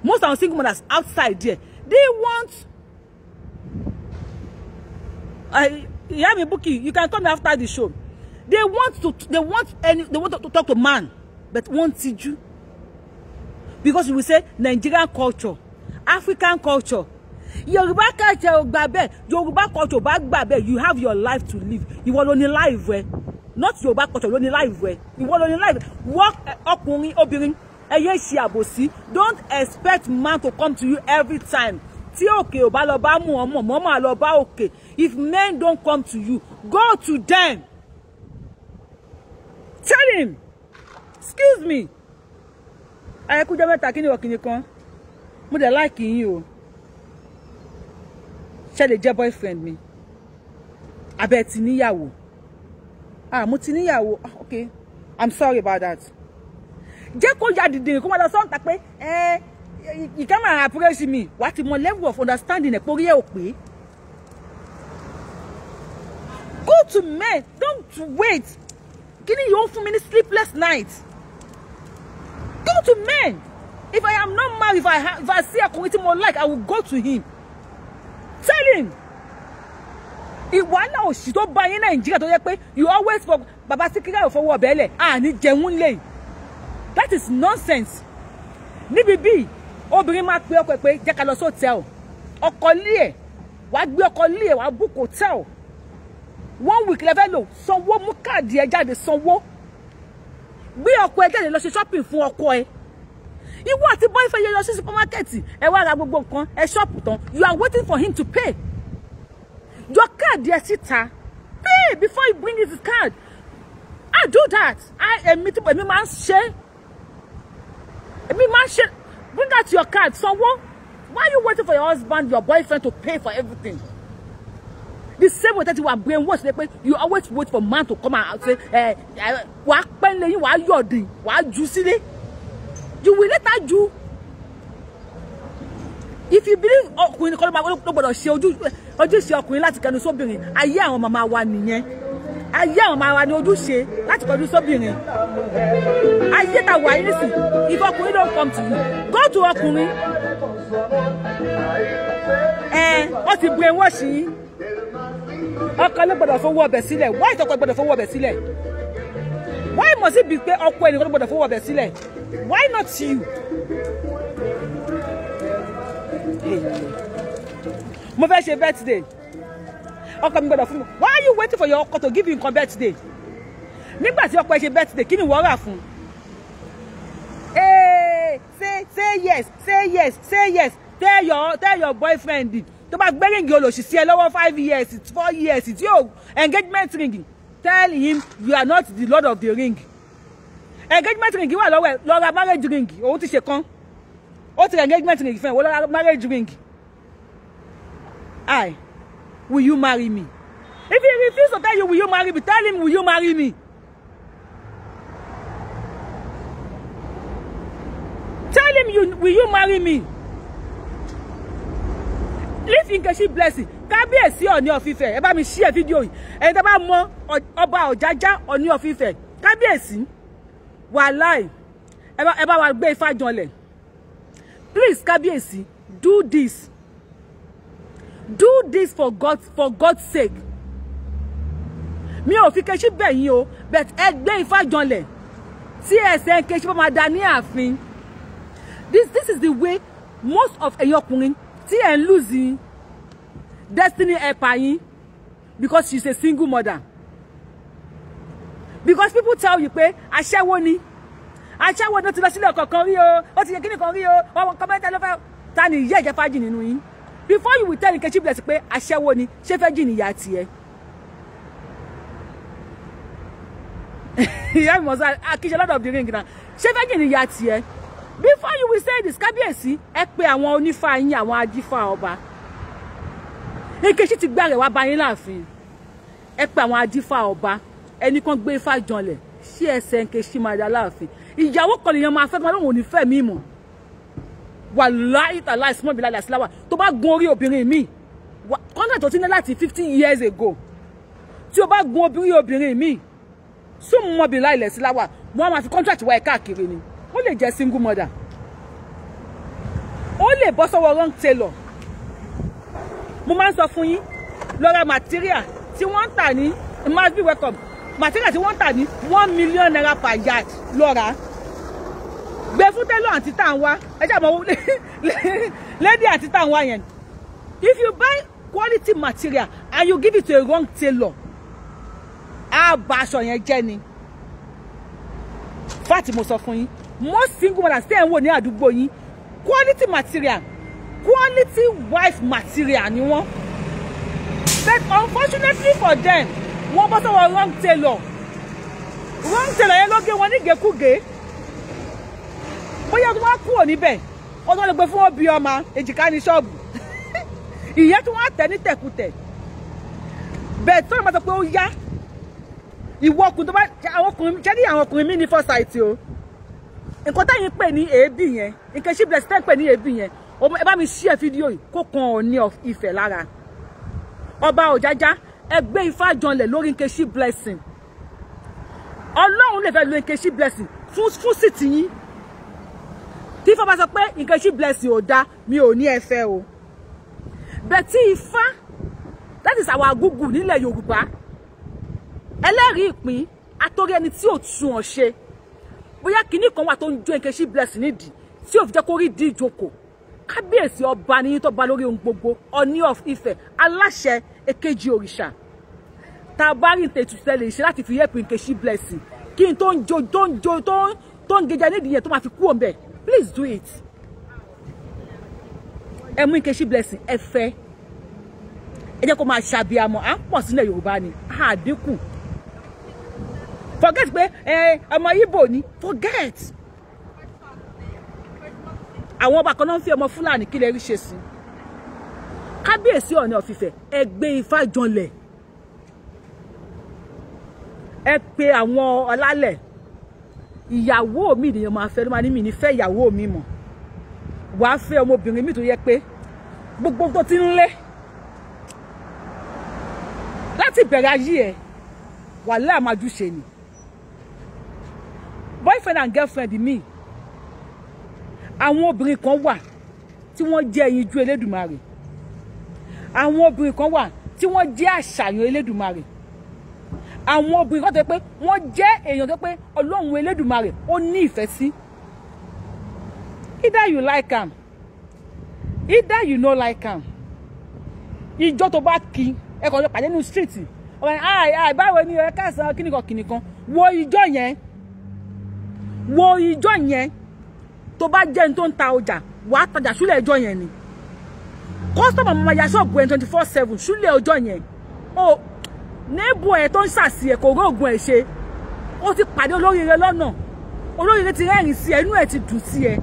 most àwọn single mothers outside there they want ìyá mi Bukky you can come after the show they want to they want any they want to talk to man but wọ́n tijú because we say Nigerian culture African culture yorùbá kẹtẹ ò gbà bẹ́ẹ̀ yorùbá kọtò bá gbà bẹ́ẹ̀ you have your life to live ìwọ ló ní láìvù ẹ not yorùbá kọtò ló ní láìvù ẹ ìwọ ló ní láìvù work eh, ọkùnrin obìnrin ẹ yé ṣe àbòsí don't expect man to come to you every time tí òkè ò bá lọ bá mú ọmọ mọ́ máa lọ bá òkè if men don't come to you go to them tell him excuse me ayẹkújẹ mẹ́ta kí ni ọkìnrin kan mo dẹ̀ láìkì yín o ṣe lè jẹ́ boyfriend mi abẹ́ ti níyàwó ah mo ti níyàwó ah okay i'm sorry about that jẹ́ kó ya dìdìrì kó máa lọ sọ́ǹtà pé ẹ you can my approach me wàá ti mọ level of understanding ẹ̀ pórí ẹ̀ ò pé go to men don't wait kí ni yóò fún mi ní sleepless night go to men if i am not married if i, if I see ọkùnrin tí mo like i will go to him tell him ìwà náà òṣì tó bá yín nàìjíríà tó yẹ pé you always for? bàbá síkírà ò fọwọ́ ọ̀bẹ lẹ̀ àní jẹun lè that is nonsense níbi bíi obìnrin máa pe ọkọ ẹ pé jẹ́ ká lọ sí hòtẹ́ẹ̀lì ọkọ lé ẹ̀ wàá gbé ọkọ lé ẹ̀ wàá book hòtẹ́ẹ̀lì one week lẹ́fẹ́ lò sanwó mú káàdì ẹ̀ jáde sanwó gbé ọkọ ẹ jáde lọ ṣe shopping fún ọkọ ẹ ìwọ àti boyfriend yẹn lọ sí supermarket ẹ wá ra gbogbo nǹkan ẹ ṣọ́ọ̀pù tán you are waiting for him to pay your card yẹ síta pay before you bring his card i do that i èmi tí èmi máa ń ṣe èmi máa ń ṣe bring out your card sanwó why you waiting for your husband your boyfriend to pay for everything the same way that you are brainwashed dey pe you always wait for man to come out say ẹ eh, eh, wàá pẹ́ lẹ́yìn wàá yọ̀dì wàá jù sílé you will later do if you believe ọkùnrin nìkan ló gbọ́dọ̀ ṣe ojúṣe ọkùnrin láti kẹnu sóbìnrin ayé àwọn màmá wa nìyẹn ayé àwọn màmá wa ni ojúṣe láti kọjú sóbìnrin ayé ta wà yín sìn if ọkùnrin don come to you go to ọkùnrin ẹ ọ ti bu ewọ́ sí i ọkọ ló gbọ́dọ̀ fowó ọbẹ̀ sílẹ̀ why ìtọ́kọ gbọ́dọ̀ fowó ọbẹ̀ sílẹ̀ why must it be pé ọkọ ẹnìkan ló gbọ́dọ̀ fowó ọbẹ̀ sílẹ̀. Why not you? Hey, move your birthday. Ọkọ mi gbọ́dọ̀ Why are you waiting for your ọkọ to give you your birthday? Nígbà tí ọkọ ẹ ṣe birthday, kí ni ìwọ Say say yes, say yes, say yes. Tell your tell your boyfriend tó bá gbé ríngì olòṣìṣì ẹ lọ́wọ́ five years, four years, tí yóò engagement ring. Tell him you are not the lord of the ring engagement ring wà lọ́wọ́ ẹ̀ lọ ra marriage ring òun ti ṣe kan ó ti ra engagement ring fún ẹ̀ wọ́n lọ marriage ring i will you marry me if he refuse to tell you will you marry me tell him will you marry me. Tell him you will you marry me? Leave Nkechi blessing. Kábíyèsí Ọ̀ọ̀ni of Ifẹ̀. Ẹ bá mi share video yìí. Ẹni tá bá mọ Ọba Ọ̀jájá Ọ̀ọ̀ni of Ifẹ̀. Kábíyèsí wàláì ẹ bá wa gbé ifá janlẹ̀ please kábíyèsí do this do this for God for God's sake mi ò fi Nkechi bẹ̀ yín o but ẹ gbé ifá janlẹ̀ tí ẹsẹ̀ Nkechi bá máa da ní ààfin this this is the way most of ẹ̀yin ọkùnrin tí ẹ̀ ń lose destiny helper yín because she is a single mother because people tell you pé aṣẹ́wó ni aṣẹ́wó ni ó ti lọ sílé ọkọ̀ kan rí o ó ti yẹ kíni kan rí o ọmọ kan mẹ́ta ló fẹ́ ta ni ìyá ìjẹ́ fájì nínú yín before you will tell Nkechi Blessing pé aṣẹ́wó ni ṣé fẹ́ jì níyà tiẹ̀. ìyá mi mọ̀ sá akíṣe lord of the ring náà ṣé fẹ́ jì níyà tiẹ̀ before you will say this kábíyèsí ẹ pé àwọn onífà yín àwọn ajífà ọba Nkechi ti gbàrẹ̀ wá bá yín láàfin ẹ pé àwọn ajífà ọba ẹni kan gbé ifá janlẹ̀ ṣí ẹsẹ̀ nke ṣí máa aláàfin ìyàwó kan lèèyàn máa fẹ́ máa lóun ò ní fẹ́ mi mọ̀ wà láìta láìsí mọ́bí láìlà síláwà tó bá gun orí obìnrin mi kọ́ńtà tó ti ní láti fifty years ago tí o bá gun obìnrin obìnrin mi sún mọ́bí láìlà síláwà wọ́n máa fi contract wáyé káàkiri ni ó lè jẹ́ single mother ó lè bọ́ sọ́wọ́ wrong tailor mo máa ń sọ fún yín lọ́ra material tí wọ́n ń tà ní must be welcome material tí wọ́n tà ní one million naira per yard lọ́ra gbé fún tẹ́lọ̀ àti tá à ń wá ẹ ṣáà mọ̀ lady àti tá ń wá yẹn if you buy quality material and you give it to a wrong tailor á bà aṣọ yẹn jẹ́ ni fati mo sọ fún yín most single mothers tẹ́ ẹ̀ ń wò ní àdúgbò yín quality material quality wife material ni wọ́n but unfortunately for them wọ́n bọ́ sọ́wọ́ wrong tailor wrong tailor yẹn ló gé wọn nígẹ̀kúgẹ̀ bóyá tí wọ́n kúrò níbẹ̀ wọ́n tó lè gbé fún obì ọmọ èjìká ní ṣọ́ọ̀bù ìyẹn tí wọ́n tẹ̀ ní tẹ̀kùtẹ̀ bẹ́ẹ̀ tó lè máa sọ pé ó yá ìwọ ọkùnrin tó bá àwọn ọkùnrin jẹ́ ní àwọn ọkùnrin mi ní foresight o nǹkan táyìn pè ní èébì yẹn nǹkan ṣí blessing táyìn pè ní èébì yẹn ẹ bá mi ṣí ẹ fídíò yìí kó kan Ọọ̀ni Ifẹ̀ lára ọba Ọ̀jájá ẹgbẹ́ ifá janlẹ̀ lórí Nkechi Blessing ọlọ́run lè fẹ́ lo Nkechi Blessing fún fún sí tìyín tí ifá bá sọ pé Nkechi Blessing ò dáa mi ò ní ẹ o Betty tí ifá that is our Google nílẹ̀ Yorùbá ẹlẹ́rìí ìpín atórí ẹni tí ò tún ọ̀ ṣe bóyá kinní kan wà tó ń jó Nkechi Blessing nídìí tí ò fi jẹ́ kó rí ìdí ìjókòó kábíyèsí ọba ni yín tó ba lórí ohun gbogbo Ọ̀ọ̀ni of Ifẹ̀ aláṣẹ èkejì òrìṣà tá a bá rí nǹkan ètùtù tẹ́lẹ̀ ṣe láti fi yẹ́pù nǹkan ṣí blessing kí n tó ń jo tó ń jo tó ń tó ń gẹjà nídìí yẹn tó máa fi kú òǹbẹ please do it ẹ mú nǹkan blessing ẹ fẹ́ ẹ jẹ́ kó máa ṣàbíamọ̀ à ń pọ̀ sílẹ̀ Yorùbá ni àdínkù forget pé ọmọ Ìgbò ni forget àwọn ọba kan náà ń fi ọmọ fúlàní kí lè rí ṣe sí kábíyèsí ọ̀nà ọ̀fìfẹ́ ẹ gbé ifá janlẹ̀ ẹ pe àwọn ọlálẹ̀ ìyàwó mi nìyẹn máa fẹ́ ló máa ní mi ní fẹ́ ìyàwó mi mọ̀ wàá fẹ́ ọmọbìnrin mi tó yẹ pé gbogbo tó ti ń lé láti bẹ̀rẹ̀ ayé ẹ̀ wàhálà máa jù ṣe ni boyfriend and girlfriend mi àwọn obìnrin kan wà tí wọ́n jẹ́ ẹyinjú Elédùmarè àwọn obìnrin kan wà tí wọ́n jẹ́ àṣàyàn Elédùmarè àwọn obìnrin kan tó pé wọ́n jẹ́ èèyàn tó pé Ọlọ́run Elédùmarè ó ní ìfẹ́ sí either you like am either you no like am ìjọ tó bá kí ẹ kàn lọ pàdé nínú street ọmọ yẹn ai ai báwo ni ẹ káàsán kíníkan kíníkan wo ìjọ yẹn wo ìjọ yẹn tó bá jẹ́ ní tó ń ta ọjà wàá tajà ṣúlẹ̀ ẹjọ́ yẹn ni kọ́sítọ́mù ọmọ ya ṣọ́ọ̀bù ẹ̀ twenty four seven ṣúlẹ̀ ọjọ́ yẹn o níbo ẹ̀ tó ń ṣàṣì ẹ̀ kò róògùn ẹ̀ ṣe ó ti pàdé olóríire lọ́nà olóríire ti rẹ́rìn sí ẹ inú ẹ̀ ti dùn sí ẹ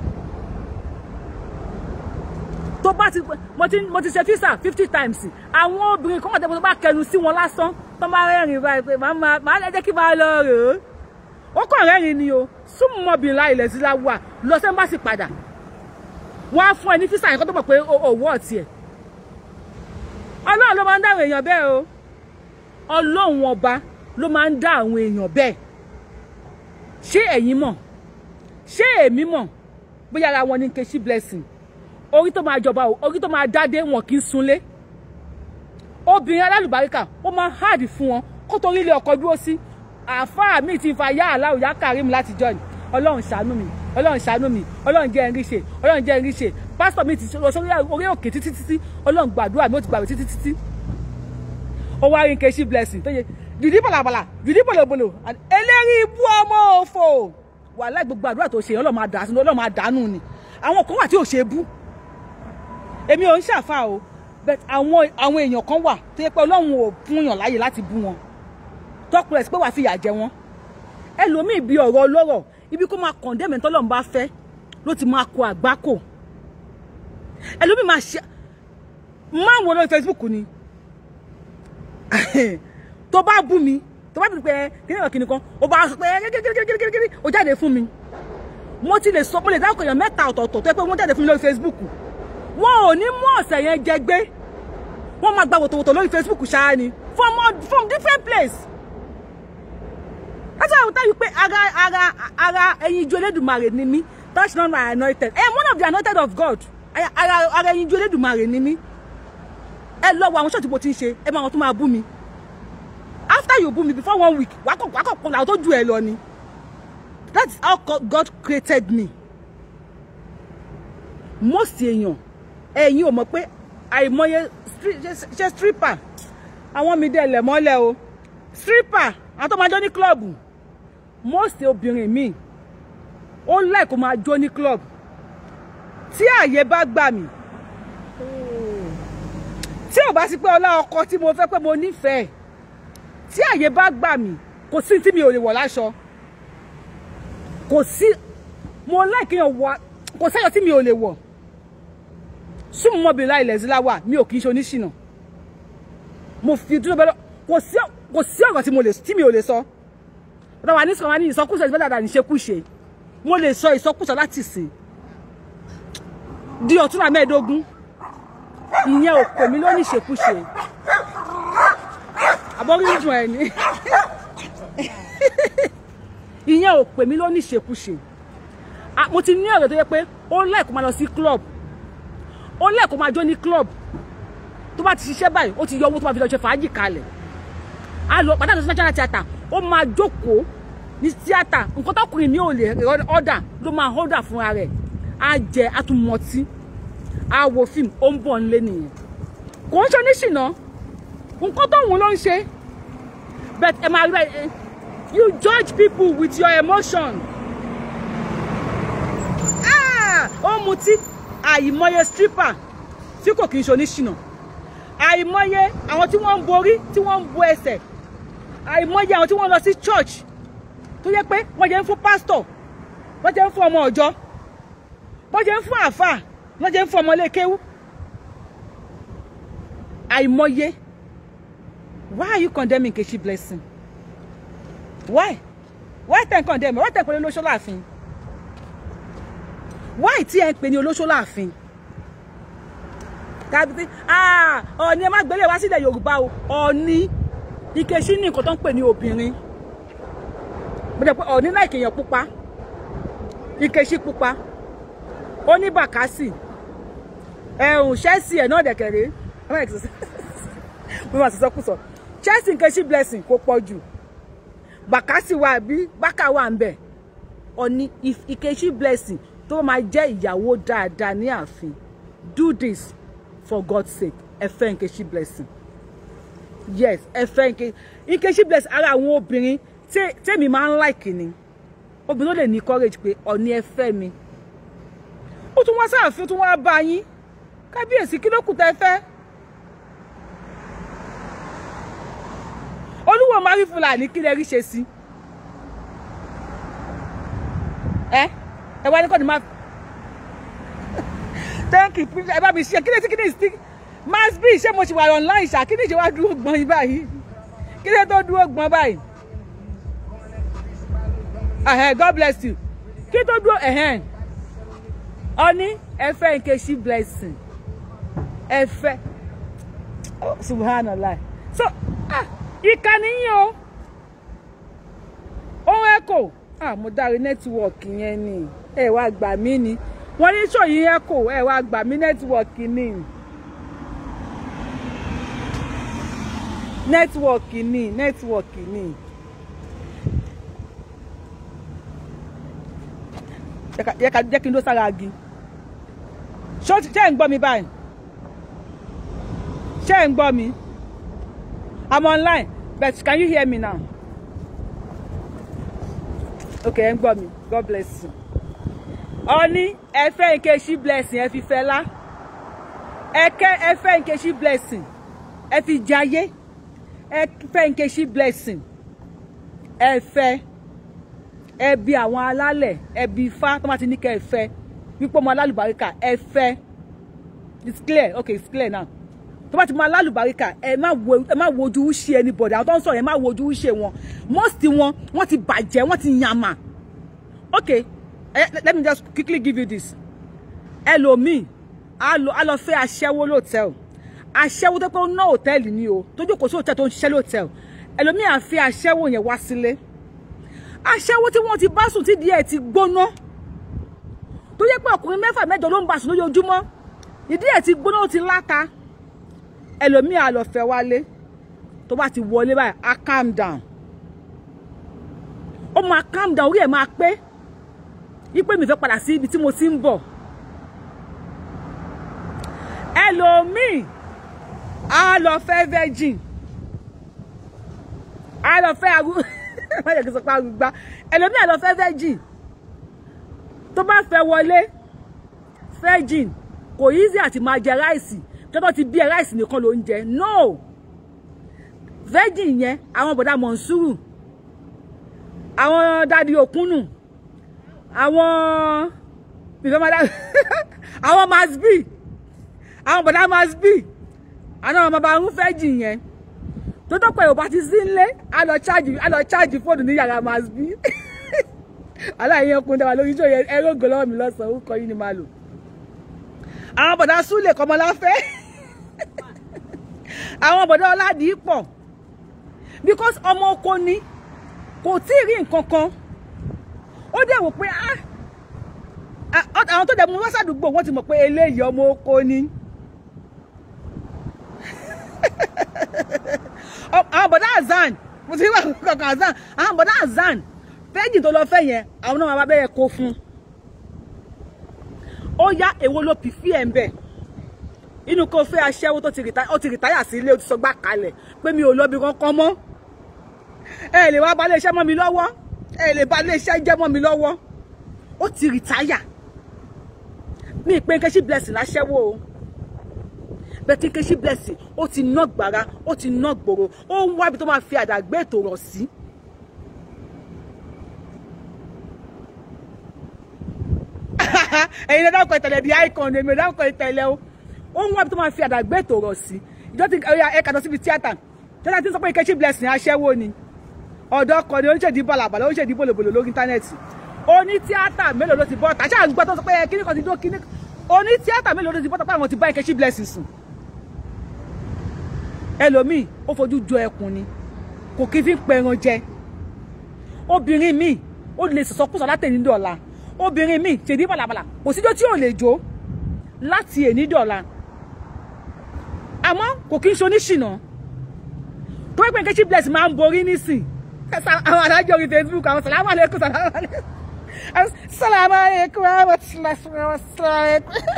tó bá ti mo ti ṣe fisa fifty times àwọn obìnrin kan wà tó bá kẹnu sí wọn lásán tó bá rẹ́rìn báyìí pé màá lẹ́jẹ́ kí n máa lọ rèé ó kàn rẹ́rìn ni o súnmọ́ bìnrin láì lẹ̀ sí láwùwà lọ sí ẹ́mbásì padà wọ́n á fún ẹ ní físà yẹn kó tó mọ̀ pé òwò ọ̀tí ẹ̀ ọlọ́run ló máa ń dá àwọn èèyàn bẹ́ẹ̀ o ọlọ́run ọba ló máa ń dá àwọn èèyàn bẹ́ẹ̀ ṣé ẹ̀yin mọ̀ ṣé èmi mọ̀ bóyá ara wọn ni Nkechi Blessing orí tó máa jọba o orí tó máa dádé wọn kì í sunlé obìnrin alálùbáríkà ó máa ń háàdì fún wọn kó torí ilé ọkọ dúró sí àáfàá mi ti fa yá aláwọ̀ yá Karim láti jọ ni ọlọ́run ṣàánú mi ọlọ́run ṣàánú mi ọlọ́run jẹ́ ẹ̀rí ṣe ọlọ́run jẹ́ ẹ̀rí ṣe pásítọ̀ mi ti lọ sórí orí òkè títí títí ọlọ́run gbàdúrà mi ó ti gbàwé títí títí ó wá rin keshi blessing tó yẹ dìdí bàlàbàlà dìdí bòlòbòlò eléri ibú ọmọ òfò wàhálà gbogbo àdúrà tó ṣe ọlọ́run máa dàánú ọlọ́run máa dàánú ni àwọn kan wà tí ò ṣe bú èmi ò ń ṣàfà o but àwọn èèyàn kan wà tó yẹ pé ọlọ́run ò fún yàn láyè láti bú wọn tọkùnrin sí pé wàá fìyà jẹ wọn ẹlòmíì bíi ọ̀rọ̀ ọlọ́rọ̀ ibi kó máa kọ̀ndẹ́mẹ̀ tọ́lọ́run bá fẹ́ ló ti máa kó àgbákò ẹlòmíì máa ṣe máa wọ lórí Facebook ni tó bá bú mi tó bá bìrì pé kíní ọ̀rọ̀ kíní kan ó bá sọ pé kíríkíríkíríkírí ó jáde fún mi mo mo lè dárúkọ èèyàn mẹ́ta ọ̀tọ̀ọ̀tọ̀ tó yẹ pé wọ́n jáde fún from different place. That's why I will tell you, pé Aga, aga, ara, ẹ̀yin ìjọ Elédùmarè ni mí. That's not my anointed. Eh, I am one of the anointed of God. I, aga, aga. ìjọ Elédùmarè ni mí. Ẹ lọ wo àwọn ṣọ́ọ̀tì to ti ń ṣe, ẹ máa wọn tó máa bú mi. After you boom me, before one week, wákọ̀ wákọ̀ kan làwọn tó ju ẹ lọ ni. That's how God created me. Most èèyàn, ẹ̀yin You, my pé àìmọye ṣe stripper, I want me there, le o. Stripper, àwọn tó my Johnny club most obìnrin mi ó láì kó máa jó ní club tí àyè bá gbà mí tí ò bá sí pé ọlá ọkọ tí mo fẹ́ pé mo nífẹ̀ẹ́ tí àyè bá gbà mí kò sí tí mi ò lè wọ̀ láṣọ kò sí mo láì kéèyàn wà kò sáyọ tí mi ò lè wọ̀ súnmọ́ mọ́bìnrin láì lẹ́sílá wà mi ò kì í ṣe oníṣìnà mo fi dúró bẹ́ẹ̀ kò sí ọ̀rọ̀ tí mi ò lè sọ. So ọ̀dọ̀ wa ní sọ wa ní ìsọkúsọ is better than ìṣekúṣe mo lè sọ ìsọkúsọ láti sìn di ọ̀túnla mẹ́ẹ̀ẹ́dógún ìyẹn ò pè mí lónìí ìṣekúṣe àbọ̀rìndùn ẹ̀ ní ìyẹn ò pè mí lónìí ìṣekúṣe mo ti ní ọ̀rẹ́ tó yẹ pé ó lẹ́ẹ̀kọ́ máa lọ sí club ó lẹ́ẹ̀kọ́ máa jó ní club tó bá ti ṣiṣẹ́ báyìí ó ti yọ owó tó bá fi lọ ṣe fàájì kalẹ̀ a lọ pàtàkì sí national theatre ó máa jókòó ní tíátà nǹkan tọkùnrin ni ò lè ọ̀dà ló máa ọ̀dà fúnra rẹ̀ á jẹ àtúmọ̀tí á wo fíìmù ó ń bọ̀ nílé nìyẹn kò ń ṣe oníṣìnà nǹkan tóun but ẹ máa eh, you judge people with your emotion ah! ó mutí àìmọye stripper tí kò kì í ṣe oníṣìnà àìmọye àwọn ti wọ́n ń borí tí bo ẹsẹ̀ àìmọye àwọn tí wọ́n lọ sí church tó yẹ pé wọ́n jẹ́ ń fún pásítọ̀ wọ́n jẹ́ ń fún ọmọ ọ̀jọ́ wọ́n jẹ́ ń fún àáfàá wọ́n jẹ́ ń fún ọmọlékéwú àìmọye why are you condemning Nkechi Blessing why why tẹ̀ ń condemn why tẹ̀ ń pè ní olóṣó láàfin why tí ẹ ń pè ní olóṣó láàfin tàbí ah Ọọ̀ni ẹ má gbélé wá sílẹ̀ Yorùbá o Ọọ̀ni Ìkẹ́ṣí ní nǹkan tó ń pè ní obìnrin mo dẹ̀ pé ọ̀ní láìkè èèyàn pupa Ìkẹ́ṣí pupa ó ní bàkásì ẹ̀hùn Chelsea ẹ̀ náà dẹ̀kẹ̀rẹ́ mo máa sọ sọkúsọ Chelsea Nkechi Blessing kò pọ̀ jù bàkásì wà bí bákà wà ń bẹ̀ ọ̀ní Ìkẹ́ṣí Blessing tó máa jẹ́ ìyàwó dáadáa ní ààfin do this for God's sake ẹ fẹ́ Nkechi Blessing yes ẹ fẹ́ Nkechi Nkechi Blessing ara àwọn obìnrin tèmi máa ń like ni obìnrin ló lè ní courage pé ọ̀ní ẹ fẹ́ mi ó tún wá sáàfin ó tún wá bá yín kábíyèsí kí ló kù tẹ́ fẹ́ olúwo máa rí fúlàní kí lè rí ṣe sí ẹ ẹ wá ní kọ́ni máa thank you ẹ bá mi ṣe kí lè tí kí lè tí masbi ṣé mo ṣì wà online ṣá kí ni ìṣe wá dúró gbọ́n yìí báyìí kí ló tó dúró gbọ́n báyìí god bless you kí tó dúró ẹ̀hẹ́n ọní ẹ̀fẹ́ Nkechi blessing ẹ̀fẹ́ oh subhanallah so ah ìka nìyí o ohun ẹ̀kọ́ ah mo dárí nẹ́tíwọ̀kì yẹn ni ẹ wá gbà mí ni wọ́n ní sọ̀yìn ẹ̀kọ́ ẹ wá gbà mí nẹ́tíwọ̀kì ni. nẹ́tíwọ̀kì ni nẹ́tíwọ̀kì ni. jẹ́ kí n dó sára agi ṣé ń gbọ́ mi báyìí ṣé ń gbọ́ mi I'm online but can you hear me now okay ẹ ń gbọ́ mi God bless you ọní ẹ fẹ́ Nkechi blessing ẹ fi fẹ́ lá ẹ̀kẹ́ ẹ fẹ́ Nkechi blessing ẹ fi jayé ẹ fẹ́ Nkechi Blessing ẹ fẹ́ ẹ bi àwọn alálẹ̀ ẹ bi ifá tó bá ti ní kẹ́ ẹ fẹ́ wípé ọmọ alálùbáríkà ẹ it's clear okay it's clear now tó bá ti mọ alálùbáríkà ẹ má wo ẹ má wojú ṣe anybody àwọn tó ń sọ̀rọ̀ ẹ má wojú ṣe wọn most wọn wọ́n ti bàjẹ́ wọ́n ti yàmà okay let me just quickly give you this ẹlòmíì a lọ fẹ́ aṣẹ́wó lóòtẹ́ẹ̀lì aṣẹ́wó tó pé ó ná hòtẹ́ẹ̀lì ni o tó jókòó sí hòtẹ́ẹ̀lì tó ń ṣiṣẹ́ lóòtẹ́ẹ̀lì ẹlòmíà fi aṣẹ́wó yẹn wá sílé aṣẹ́wó tí wọ́n ti bá sùn tí díẹ̀ ti gbóná tó yẹ pé ọkùnrin mẹ́fà mẹ́jọ ló ń bá sùn lójoojúmọ́ ìdí ẹ̀ ti gbóná ó ti láta ẹlòmíà lọ fẹ́ wálé tó bá ti wọlé báyìí á calm down ó máa calm down orí ẹ̀ máa pé wípé mi fẹ́ padà sí ibi tí mo ti ń bọ̀ ẹlòmíì á lọ fẹ́ virgin á lọ fẹ́ arú má jẹ́ kí n sọ pé arúgbá ẹlòmíà lọ fẹ́ virgin tó bá fẹ́ wọlé virgin kò easy àti máa jẹ ráìsì tó bá ti bí ẹ ráìsì nìkan ló ń jẹ no virgin yẹn àwọn bọ̀dá mọ̀nsúrù àwọn dadi òkúnnù àwọn ìfẹ́ máa dá àwọn masbi àwọn bọ̀dá masbi àwọn bàbá ń fẹ́ jì yẹn tó tó pé ò bá ti sí nlé a lọ ṣáàjì a lọ ṣáàjì fóònù ní yàrá masbi aláìyẹ ọkùnrin dáwà lórí ìjòyè ẹrọ ògò lọ́wọ́ mi lọ́sàn-án orúkọ yìí ni màá lò àwọn bọ̀dá súlè kọmọláfẹ́ àwọn bọ̀dá ọládìí pọ̀ because ọmọ oko ni kò tí ì rí nǹkan kan ó dẹ̀ wò pé ah, ah, àwọn tó dẹ̀ mú wá sàdúgbò wọ́n ti mọ̀ pé eléyìí ọmọ oko ni. àwọn bọ̀dá azan mo ti wà kankan azan àwọn bọ̀dá azan péjì tó lọ fẹ́ yẹn àwọn náà máa bá bẹ́ẹ̀ kó fún ó yá èwo ló pì fí ẹ̀ ń bẹ̀ inú kó fẹ́ aṣẹ́wó tó ti retire. sí ilé ó ti sọ gbá kalẹ̀ pé mi ò lọ́bi kankan mọ́ ẹ lè wá balẹ̀ iṣẹ́ mọ́ mi lọ́wọ́ ẹ lè balẹ̀ iṣẹ́ jẹ́ mọ́ mi lọ́wọ́ ó ti rìtáyà mi ìpín kẹ́sí blessing láṣẹ́wó o bẹ́tí Nkechi Blessing ó ti ná gbàrà ó ti ná gbòòrò ó ń wábi tó máa fi àdàgbé ètò rọ̀ sí. ẹ̀yin lọ́dọ̀ ọkọ̀ ìtẹ̀lẹ̀ bíi icon èmi lọ́dọ̀ ọkọ̀ ìtẹ̀lẹ̀ o ó ń wábi tó máa fi àdàgbé ètò rọ̀ sí ìjọ ti ẹ̀ka lọ síbi tíátà tíátà ti sọ pé Nkechi Blessing aṣẹ́wó ni ọ̀dọ́ ọkọ̀ ni oníṣèdí bàlàbàlà oníṣèdí bòlòbòlò lórí íńtánẹ́ẹ̀tì oní tíátà mélòó ló ti bọ́ta ṣáà ń gbọ́ tó sọ pé kíníkan ti dó kíníkan oní tíátà mélòó ló ti bọ́ta pé àwọn ti bá Nkechi Blessing sùn ẹlòmíì ó fojú jọ ẹkùn ni kò kí fi ń pẹran jẹ obìnrin míì ó lè sọ̀sọ́kùsọ látẹ̀ní dọ̀la obìnrin míì tèmi bàlàbàlà kò síjọ́ tí ò lè jó láti èní dọ̀la àmọ́ kò kí ń ṣoníṣìnà tó wípé Nkechi Blessing máa ń borí nísìn àwọn adájọ́ orí Facebook àwọn sàlámù alẹ́kùn sàlámù alẹ́kùn sàlámù alẹ́kùn sàlámù alẹ́kùn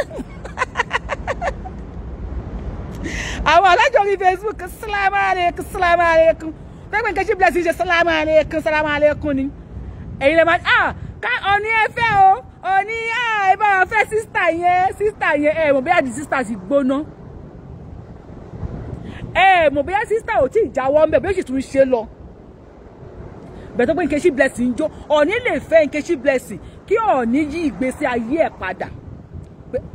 àwọn alájọ mi facebook salamu aleykum salamu aleykum pẹ́pẹ́ nǹkan blessing ṣe salamu aleykum salamu aleykum ni èyí e, lè máa ah ká ọ̀ní ẹ fẹ́ o ọ̀ní ah ẹ e bá e, wa fẹ́ sísítà yẹn sísítà yẹn ẹ mọ̀ bóyá di sísítà sì gbóná ẹ mọ̀ bóyá sísítà ò tí ì jáwọ́ ń bẹ̀ bí ó sì tún ṣe lọ bẹ̀tọ́ pé nkechi blessing jó ọ̀ní lè fẹ́ nkechi blessing kí ọ̀ní yí ìgbésí ayé ẹ̀ padà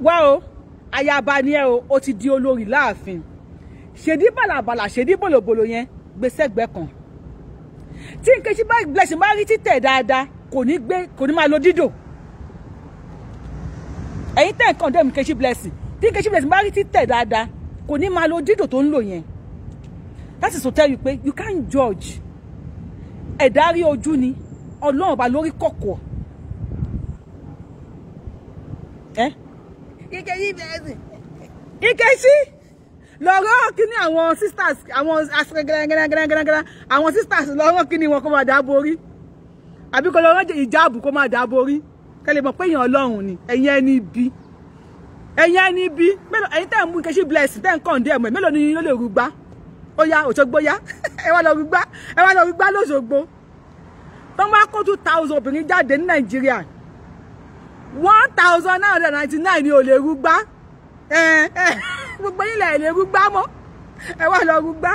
wá o. Wow ayaba ni ẹ o ó ti di olórí láàfin ṣèdí bàlàbàlà ṣèdí bòlòbòlò yẹn gbé sẹ́gbẹ́ kan tí Nkechi Blessing bá rí títẹ̀ dáadáa kò ní gbé kò ní máa lo dídò ẹ̀yin tẹ̀ kàn dẹ́mu Nkechi Blessing tí Nkechi Blessing bá rí títẹ̀ dáadáa kò ní máa lo dídò tó ń lò yẹn that is to you pé you can't judge ẹ̀dá rí ojú ni ọlọ́run ọba lórí kọ̀kọ̀ ẹ́. Eh? Nkechi lọ́rọ́ kíní àwọn sisters àwọn asẹ́gẹ́gẹ́gẹ́gẹ́gẹ́gẹ́ àwọn sisters lọ́rọ́ kíní wọn kó máa dá borí àbí kó lọ́rọ́ ìjáàbù kó máa dá borí kẹ́lẹ̀ mọ̀ pé èèyàn ọlọ́run ni ẹ̀yin ẹni bí ẹ̀yin ẹni bí mélòó ẹ̀yin tẹ̀ ń mú Nkechi Blessing tẹ̀ ń kàn dé ẹ̀mọ́ mélòó ni yín ló lè rúgbá ó yá Òṣogbo yá ẹ wá lọ rúgbá ẹ wá lọ rúgbá lóṣogbo tó ń wá kó two thousand obìnrin jáde ní Nàìjíríà one thousand nine hundred ninety nine ni ò lè rú gbá gbogbo nílẹ̀ ẹ̀ lè rú gbá mọ́ ẹ wá lọ rú gbá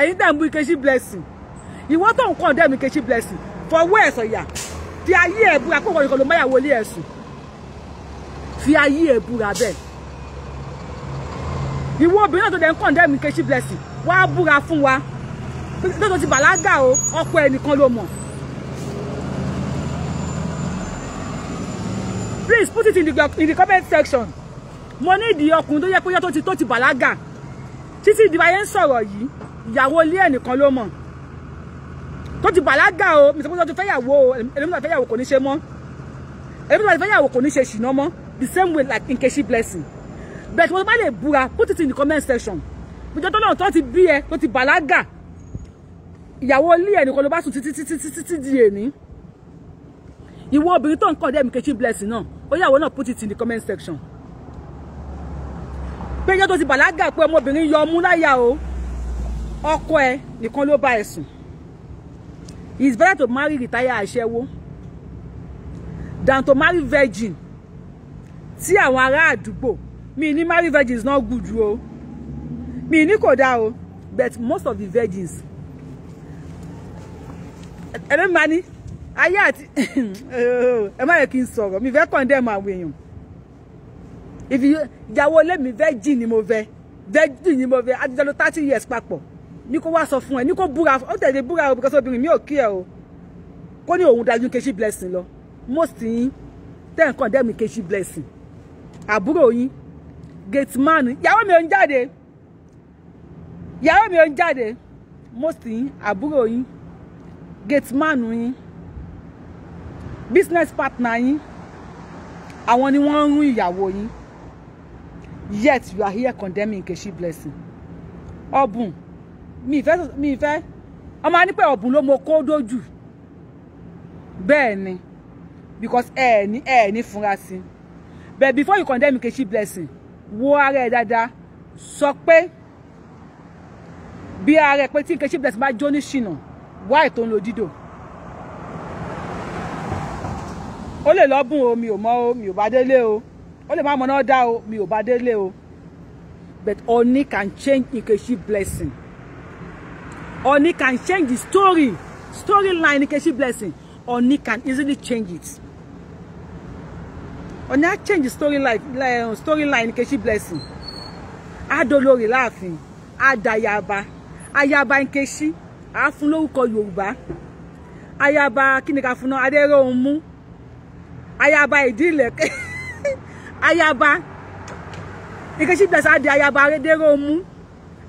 ẹ̀yin tẹ̀ ń bú Ikechi blessing ìwọ tó ń kàn dẹ́mu Ikechi blessing fọwọ́ ẹ̀ sọ̀yà fi ayé ẹ̀ búra kó wọ́n ìkọlù máyàwó ilé ẹ̀ sùn fi ayé ẹ̀ búra bẹ́ẹ̀ ìwọ obìnrin náà tó dẹ̀ ń kàn dẹ́mu Ikechi blessing wá búra fún wa tó tó ti bàlágà o ọkọ ẹnìkan ló mọ̀ please put it in the, in the comment section mo ní ìdí ọkùnrin tó yẹ pé yẹ tó ti tó ti bàlágà títí ìdí ayé ń sọ̀rọ̀ yìí ìyàwó ilé ẹnìkan ló mọ̀ tó ti bàlágà o mr bọ́sọ̀ ti fẹ́yàwó o ẹlẹ́mìtà fẹ́yàwó kò ní ṣe mọ́ ẹlẹ́mìtà fẹ́yàwó kò ní ṣe ṣìnà mọ́ the same way like Nkechi Blessing but mo bá lè búra put it in the comment section ìjọ tó náà tó ti bí ẹ tó ti bàlágà ìyàwó ilé ẹnìkan ló bá sùn títí títí títí di èní ìwọ obìnrin tó ń kọ́ ọ̀dẹ́ Nkechi Blessing no yeah, we'll not put it in the comment section. Pé yo tó ti bàlágà pé ọmọbìnrin yọ mú láyà o. Ọkọ ẹ̀ nìkan ló bá ẹ̀sùn. It's better to marry retire aṣẹ́wó than to marry virgin. Tí àwọn ará àdúgbò mi ní marry virgin is not good o. Mi ní kò dá o but most of the virgins. Ẹ̀mí máa ayé àti eh, ẹ má yẹ kí n sọ̀rọ̀ mi fẹ́ kàn dẹ́mu àwọn èèyàn ìfi ìyàwó ilé mi fẹ́ jì ni mo fẹ́ fẹ́ jì ni mo fẹ́ adijọ́ ló thirty years papọ̀ ní kó wá sọ fún ẹ ní kó búra ó tẹ̀lé búra o because obìnrin mi ò kí ẹ o kó ní òun dájú kejì blessing lọ most yín tẹ̀ ń kàn dẹ́mu kejì blessing àbúrò yín gate man ìyàwó mi ò ń jáde ìyàwó mi ò ń jáde most yín àbúrò yín gate man yín business partner yín àwọn ni wọ́n ń rún ìyàwó yín yet you are here condemning Nkechi Blessing ọ̀bùn mi ìfẹ́ mi ìfẹ́ ọmọ á ní ọ̀bùn ló mo kó dójú bẹ́ẹ̀ ni because ẹ ẹ ní ẹ ní fúnra sí but before you condemn Nkechi Blessing wo ara ẹ dáadáa sọ pé bí ara ẹ pé tí Nkechi Blessing bá jó ní ṣìnà wáì tó ń dídò. ó lè lọ bùn o mi ò mọ o mi ò bá délé o ó lè má mọ náà dá o mi ò bá délé o but Ooni can change Nkechi blessing Ooni can change the story storyline Nkechi blessing Ooni can easily change it Ooni á change the storyline eh, storyline Nkechi blessing á dolórí láàfin á dayaba ayaba Nkechi á fún lórúkọ Yorùbá ayaba kí ni ká fún náà adéròhùn mú ayaba ìdílẹ̀kẹ̀ ayaba Nkechi Blessing á di ayaba Arédérómú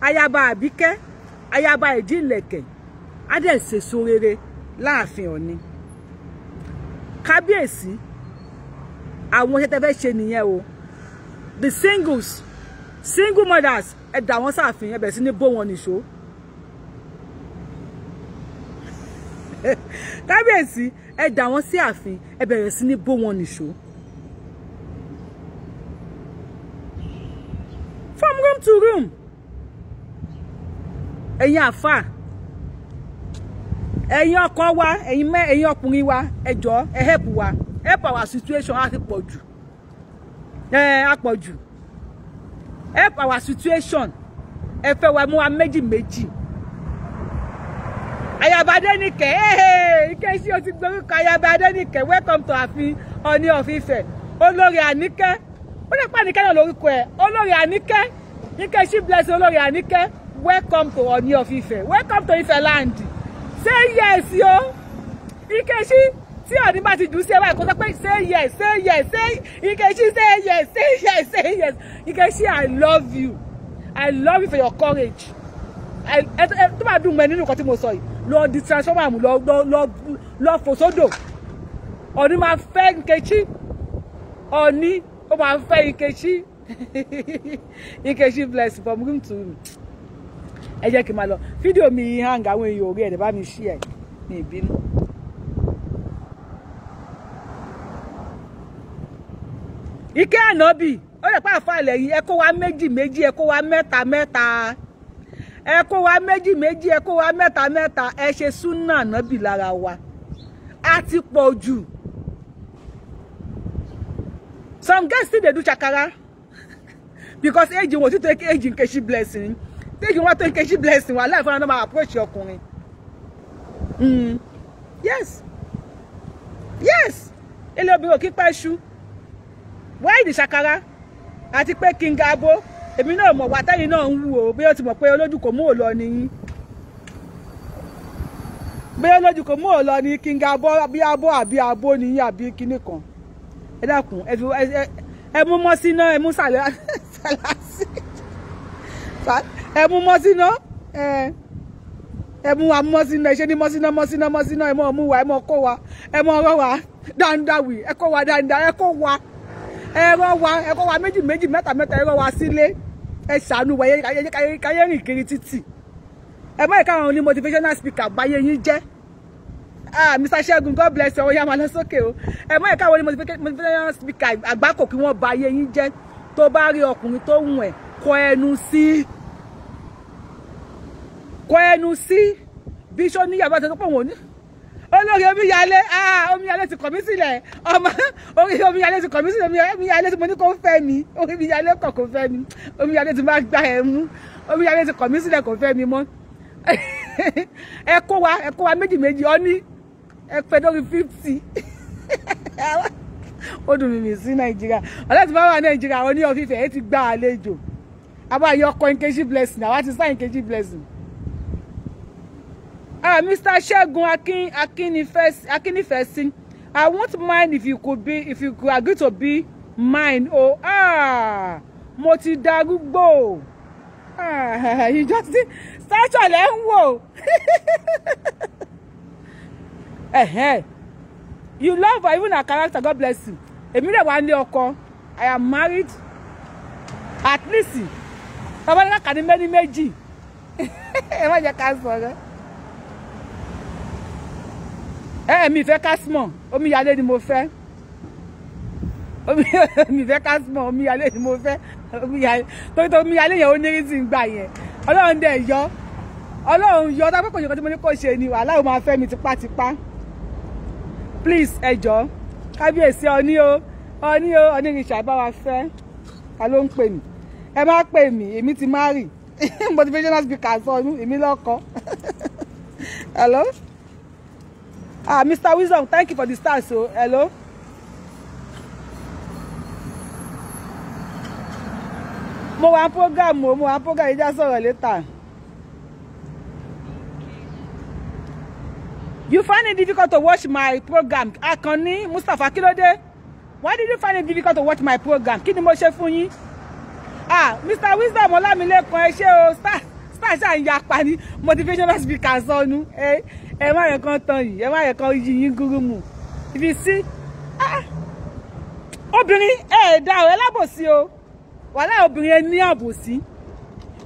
ayaba Àbíkẹ́ ayaba ìdílẹ̀kẹ̀ á dẹ̀ sèso rere láàfin Ọ̀ni kábíyèsí àwọn iṣẹ́ tẹ́ fẹ́ ṣe nìyẹn o the singles single mothers ẹ dà wọ́n sáàfin ẹ bẹ̀rẹ̀ sí ní bó wọn nìṣó kábíyèsí ẹ dà wọ́n sí ààfin ẹ bẹ̀rẹ̀ sí ní bó wọn nìṣó. from room to room ẹ̀yin àfà ẹ̀yin ọkọ wa ẹ̀yin mẹ́ ẹ̀yin ọkùnrin wa ẹ jọ̀ọ́ ẹ help wa help our situation a ti pọ̀ jù ẹ á pọ̀ jù help our situation ẹ fẹ́ wa mú wa méjì méjì ayaba Adénìkẹ́ Ìkẹ́sí o ti gborúkọ ayaba Adénìkẹ́ welcome to àfin Ọọ̀ni of Ifẹ̀ olórí Àníkẹ́ ó lè pa Àníkẹ́ náà lórúkọ ẹ̀ olórí Àníkẹ́ Ìkẹ́sí bless Olori anike. welcome to Ọọ̀ni of Ifẹ̀ welcome to Ife land say yes o Ìkẹ́sí tí Ọọ̀ni bá ti dùn sí ẹ báyìí kó sọ pé say yes say yes say Ìkẹ́sí say yes say yes say yes Ìkẹ́sí I love you I love you for your courage ẹ tó bá dùn mọ́ ẹ nínú nǹkan tí mo sọ yìí lọ di transformer mu lọ lọ lọ fò sódò ọ̀ní máa fẹ́ Nkechi ọ̀ní ó máa fẹ́ Nkechi Nkechi bless from room to room ẹ jẹ́ kí n máa lọ fídíò mi hang àwọn èèyàn orí ẹ̀ bá mi ṣí ẹ̀ ní ìbínú. ike ànábì ó lè pa àfa ilẹ̀ yìí ẹ kó wa méjì méjì ẹ kó wa mẹ́ta mẹ́ta ẹ kó wa méjì méjì ẹ kó wa mẹ́ta mẹ́ta ẹ ṣe súnà nábì lára wa a ti pọ̀ jù some girls still dey do chakara because age wọn ò ti tó age nkechi blessing take wọn tó nkechi blessing wàhálà ìfọwọ́n náà máa approach ọkùnrin mm. yes yes ilé obìnrin ò kí pẹ́ ṣú why the chakara àti pé kí n ga abo. èmi náà mọ̀ wàtẹ́yìn náà ń wù ó bí ó ti mọ̀ pé olójú kò mú òlọ ni yín bí olójú kò mú òlọ ni kí n ga abọ́ bí abọ́ àbí abó ni yín àbí kinní kan ẹ dákun ẹ fi ẹ mú mọ́ síná ẹ mú sàlẹ̀ ẹ mú mọ́ síná ẹ ẹ mú wa mọ́ síná ẹ ṣe ní mọ́ síná mọ́ síná mọ́ síná ẹ mọ́ mú wa ẹ mọ́ kó wa ẹ mọ́ ẹ̀rọ wa ẹ̀kọ́ wa méjì méjì mẹ́ta mẹ́ta ẹ̀rọ wa sílé ẹ ṣàánú wa káyé rìn kiri títì ẹ má ìka àwọn oní motivational speaker báyé yín jẹ́ ah Mr. Ṣẹ́gun God bless you ọwọ́ yá máa lọ sókè o ẹ má ìka àwọn oní motivational speaker àgbákò kí wọ́n báyé yín jẹ́ tó bá rí ọkùnrin tó wùn ẹ̀ kọ ẹnu sí kọ ẹnu sí bí sọ níyàwó àti ẹni tó pọ̀ wọ́n ní olórí omíyalé ah, omíyalé ti kọ̀ mí sílẹ̀ ọmọ orí omíyalé ti kọ̀ mí sílẹ̀ omíyalé ti mo ní kó fẹ́ mi orí omíyalé kọ̀ kó fẹ́ mi omíyalé ti má gbá ẹ mú omíyalé ti kọ̀ mí sílẹ̀ kó fẹ́ mi mọ́ ẹ kó wa ẹ kó wa méjì méjì ọ ní ẹ pẹ́ lórí fifty ó dùn mí mí sí nàìjíríà ọ̀lẹ́ ti bá wà nàìjíríà oní ọ̀fífẹ́ ẹ ti gbá àlejò àbáyọ ọkọ̀ nkeji blessing àwa ti sign nkeji blessing. Ah, Mr. Segun Akin Akinifesi, Akinifesi, I won't mind if you could be, if you could agree to be mine. Oh, ah, mo ti darúgbó. Ah, you just start your lẹ ń Eh, eh. You love her, even her character, God bless you. Èmi dẹ̀ wá ní ọkọ, I am married. At least, Babalọ́lá kà ní mẹ́ni méjì. Ẹ má jẹ́ ká sọ̀rọ̀ ẹ mi fẹ́ kásímọ̀ omíyalé ni mo fẹ́ mi fẹ́ kásímọ̀ omíyalé ni mo fẹ́ omíyalé torí tó omíyalé yẹn ó ní rísì ń gbà yẹn ọlọ́run dẹ̀ yọ ọlọ́run yọ dápẹ́ kò yẹ kó tí mo ní kò ṣe ni wàhálà ó máa fẹ́ mi tipátipá please ẹ jọ kábíyèsí ọní o ọní o ọní ìṣà bá wa fẹ́ ta ló ń pè mí ẹ má pè mí èmi ti má rì motivational speaker sọ ọdún èmi lọ́kọ hello. Ah, Mr. Wisdom, thank you for the stars. So, oh. hello. Mo wà program mo, oh. mo wà program ẹ já sọ̀rọ̀ later. You find it difficult to watch my program. Akanni Mustafa Kílódé. Why did you find it difficult to watch my program? Kini mo ṣe fún yín? Ah, Mr. Wisdom Ọlámilékan ẹ ṣé o stars táyì sáà ń yapa ní motivational speaker sọnù ẹ ẹ má yẹ kán tán yìí ẹ má yẹ kán yí gúrúmù ibi sí obìnrin ẹ ẹ dá ọ ẹlábòsí o wàhálà obìnrin ẹ ní àbòsí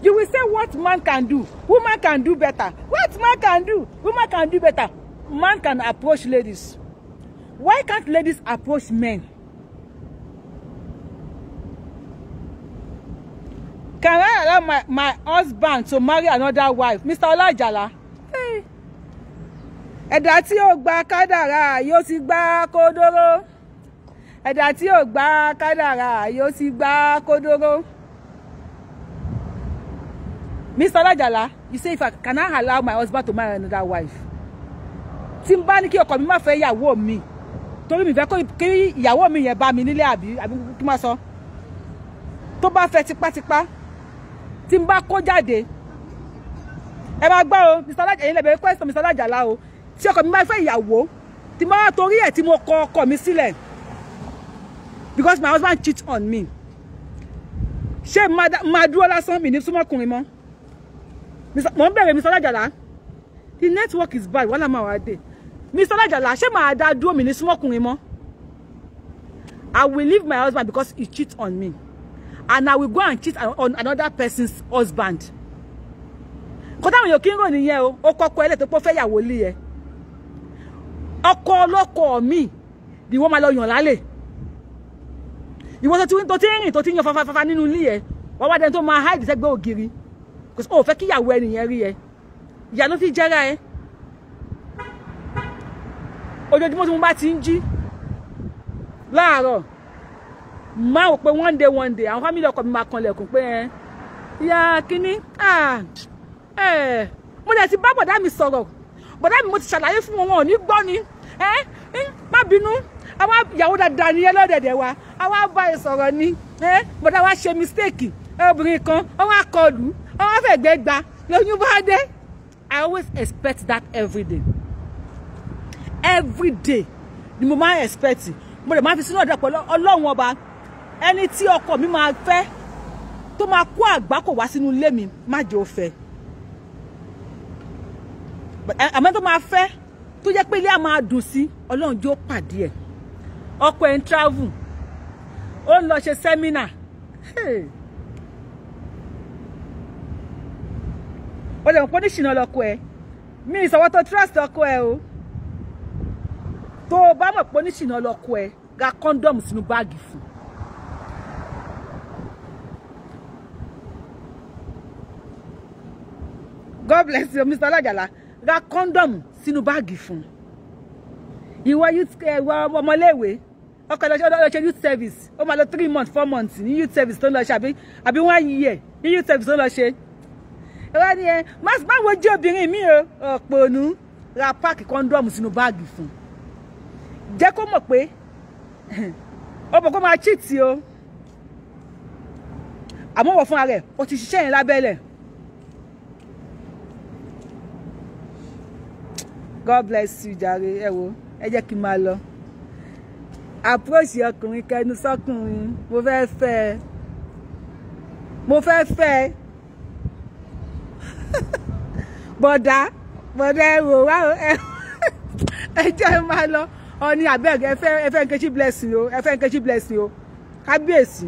you will say what man can do woman can do better what man can do woman can do better man can approach ladies why can't ladies approach men. Can I allow my, my husband to marry another wife? Mr. Olajala. Ẹ̀dá tí ò gba kádàrá yóò ti gbá kódóró. Ẹ̀dá tí ò gba kádàrá yóò ti gbá kódóró. Mr. Olajala, you say if I can I allow my husband to marry another wife? Tí n bá ní kí ọkọ mi má fẹ́ ìyàwó mi torí mi fẹ́ kí ìyàwó mi yẹn bá mi nílé àbí àbí kí n má sọ. Tó bá fẹ́ tipátipá tí n bá kó jáde ẹ máa gbọ́ o mr alájà yìí lẹ́bẹ̀ẹ́ question mr alájàlá o tí ọkọ mi bá fẹ́ ìyàwó tí mo wá torí ẹ̀ tí mo kọ ọkọ mi sílẹ̀ because my husband cheat on me ṣé máa dúró lásán mi ní súnmọ́kùnrin mọ́ mo ń bẹ̀rẹ̀ mr alájàlá the network is bad wàhálà máa wà dé mr alájàlá ṣé màá dá dúró mi ní súnmọ́kùnrin mọ́ i will leave my husband because he cheat on me. and I will go and cheat on another person's husband nǹkan táwọn èèyàn kí ń rò nìyẹn o ó kọ́kọ́ ẹlẹ́tọ́ pọ́ fẹ́ yàwó lé ẹ ọkọ ọlọ́kọ mi di wọ́n ma lọ yàn lálẹ́ ìwọ tó ti ń rìn tó ti ń yan fafafafa nínú ilé ẹ wọ́n wá dẹni tó máa háìdì sẹ́gbẹ́ ògiri kò sí òfẹ́ kíyàwó ẹnìyẹn rí ẹ ìyá ló fi mo ti máa wò pé one day one day àwọn family ọkọ mi máa kanlẹ̀kùn pé ẹ ìyá kínní ah, eh, mo dẹ̀ ti bá bọ̀dá mi sọ̀rọ̀ bọ̀dá mi mo ti ṣàlàyé fún wọn wọn ò ní gbọ́ ni má bínú àwa ìyàwó dáadáa ni ẹlọ́dẹ̀dẹ̀ wa àwa bá ẹ sọ̀rọ̀ ni bọ̀dá wa ṣe mistake obìnrin kan ọwọ́ akọlù ọwọ́ fẹ̀gbẹ́ gba lóyún bá dé I always expect that every day every day ni mo máa ń expect mo dẹ̀ máa fi sínú ọ̀dọ̀ pẹ̀lú ọlọ́run ọba ẹni tí ọkọ mi máa fẹ́ tó máa kó àgbákò wá sínú ilé mi má jẹ́ ó fẹ́ àmọ́ tó máa fẹ́ tó jẹ́ pé ilé á máa dùn sí ọlọ́run jó pàdé ẹ̀ ọkọ ẹ̀ ń travel ó ń lọ ṣe sẹ́mínà o lè mọ̀ pé oníṣìnà lọ́kọ ẹ̀ mi ìsọwọ́ tó trust ọkọ ẹ̀ o tó o bá mọ̀ pé oníṣìnà lọ́kọ ẹ̀ ga kọ́ńdọ̀mù sínú báàgì fún god bless you mr lajala condom ra kọ́ńdọ̀mù sínú báàgì fún ìwọ eh, ìwọ ọmọléèwé ọkọ ìlọsẹ ṣe youth service Oh, máa three months four months ní youth service don't ń lọ ṣe àbí one year ní youth service don't ń lọ ṣe ìwọ ni ẹ má wo jẹ́ obìnrin mi o ọ̀pọ̀nù ra páàkì kọ́ńdọ̀mù sínú báàgì fún jẹ́ kó mọ̀ pé ó mọ̀ kó máa cheat o àmọ́ wọ̀ fúnra rẹ̀ ó ti ṣiṣẹ́ yẹn lábẹ́lẹ̀ God bless you jàre ẹ wo ẹ jẹ́ kí n máa lọ approach ọkùnrin kẹnu sọkùnrin mo fẹ́ fẹ́ ẹ mo fẹ́ fẹ́ ẹ bọ̀dá bọ̀dá ẹ wò wá ẹ jẹ́ ẹ máa lọ ọni abeg ẹ fẹ́ ẹ fẹ́ Nkechi blessing o ẹ fẹ́ Nkechi blessing o kábíyèsí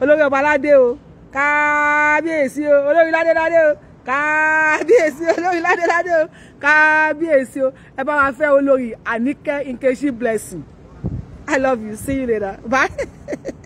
olórí ọba aládé o kábíyèsí o olórí ládéládé o kábíyèsí olórí ládéládé o kábíyèsí o ẹ bá wa fẹ́ olórí Àníkẹ́ Nkechi Blessing I love you see you later bye.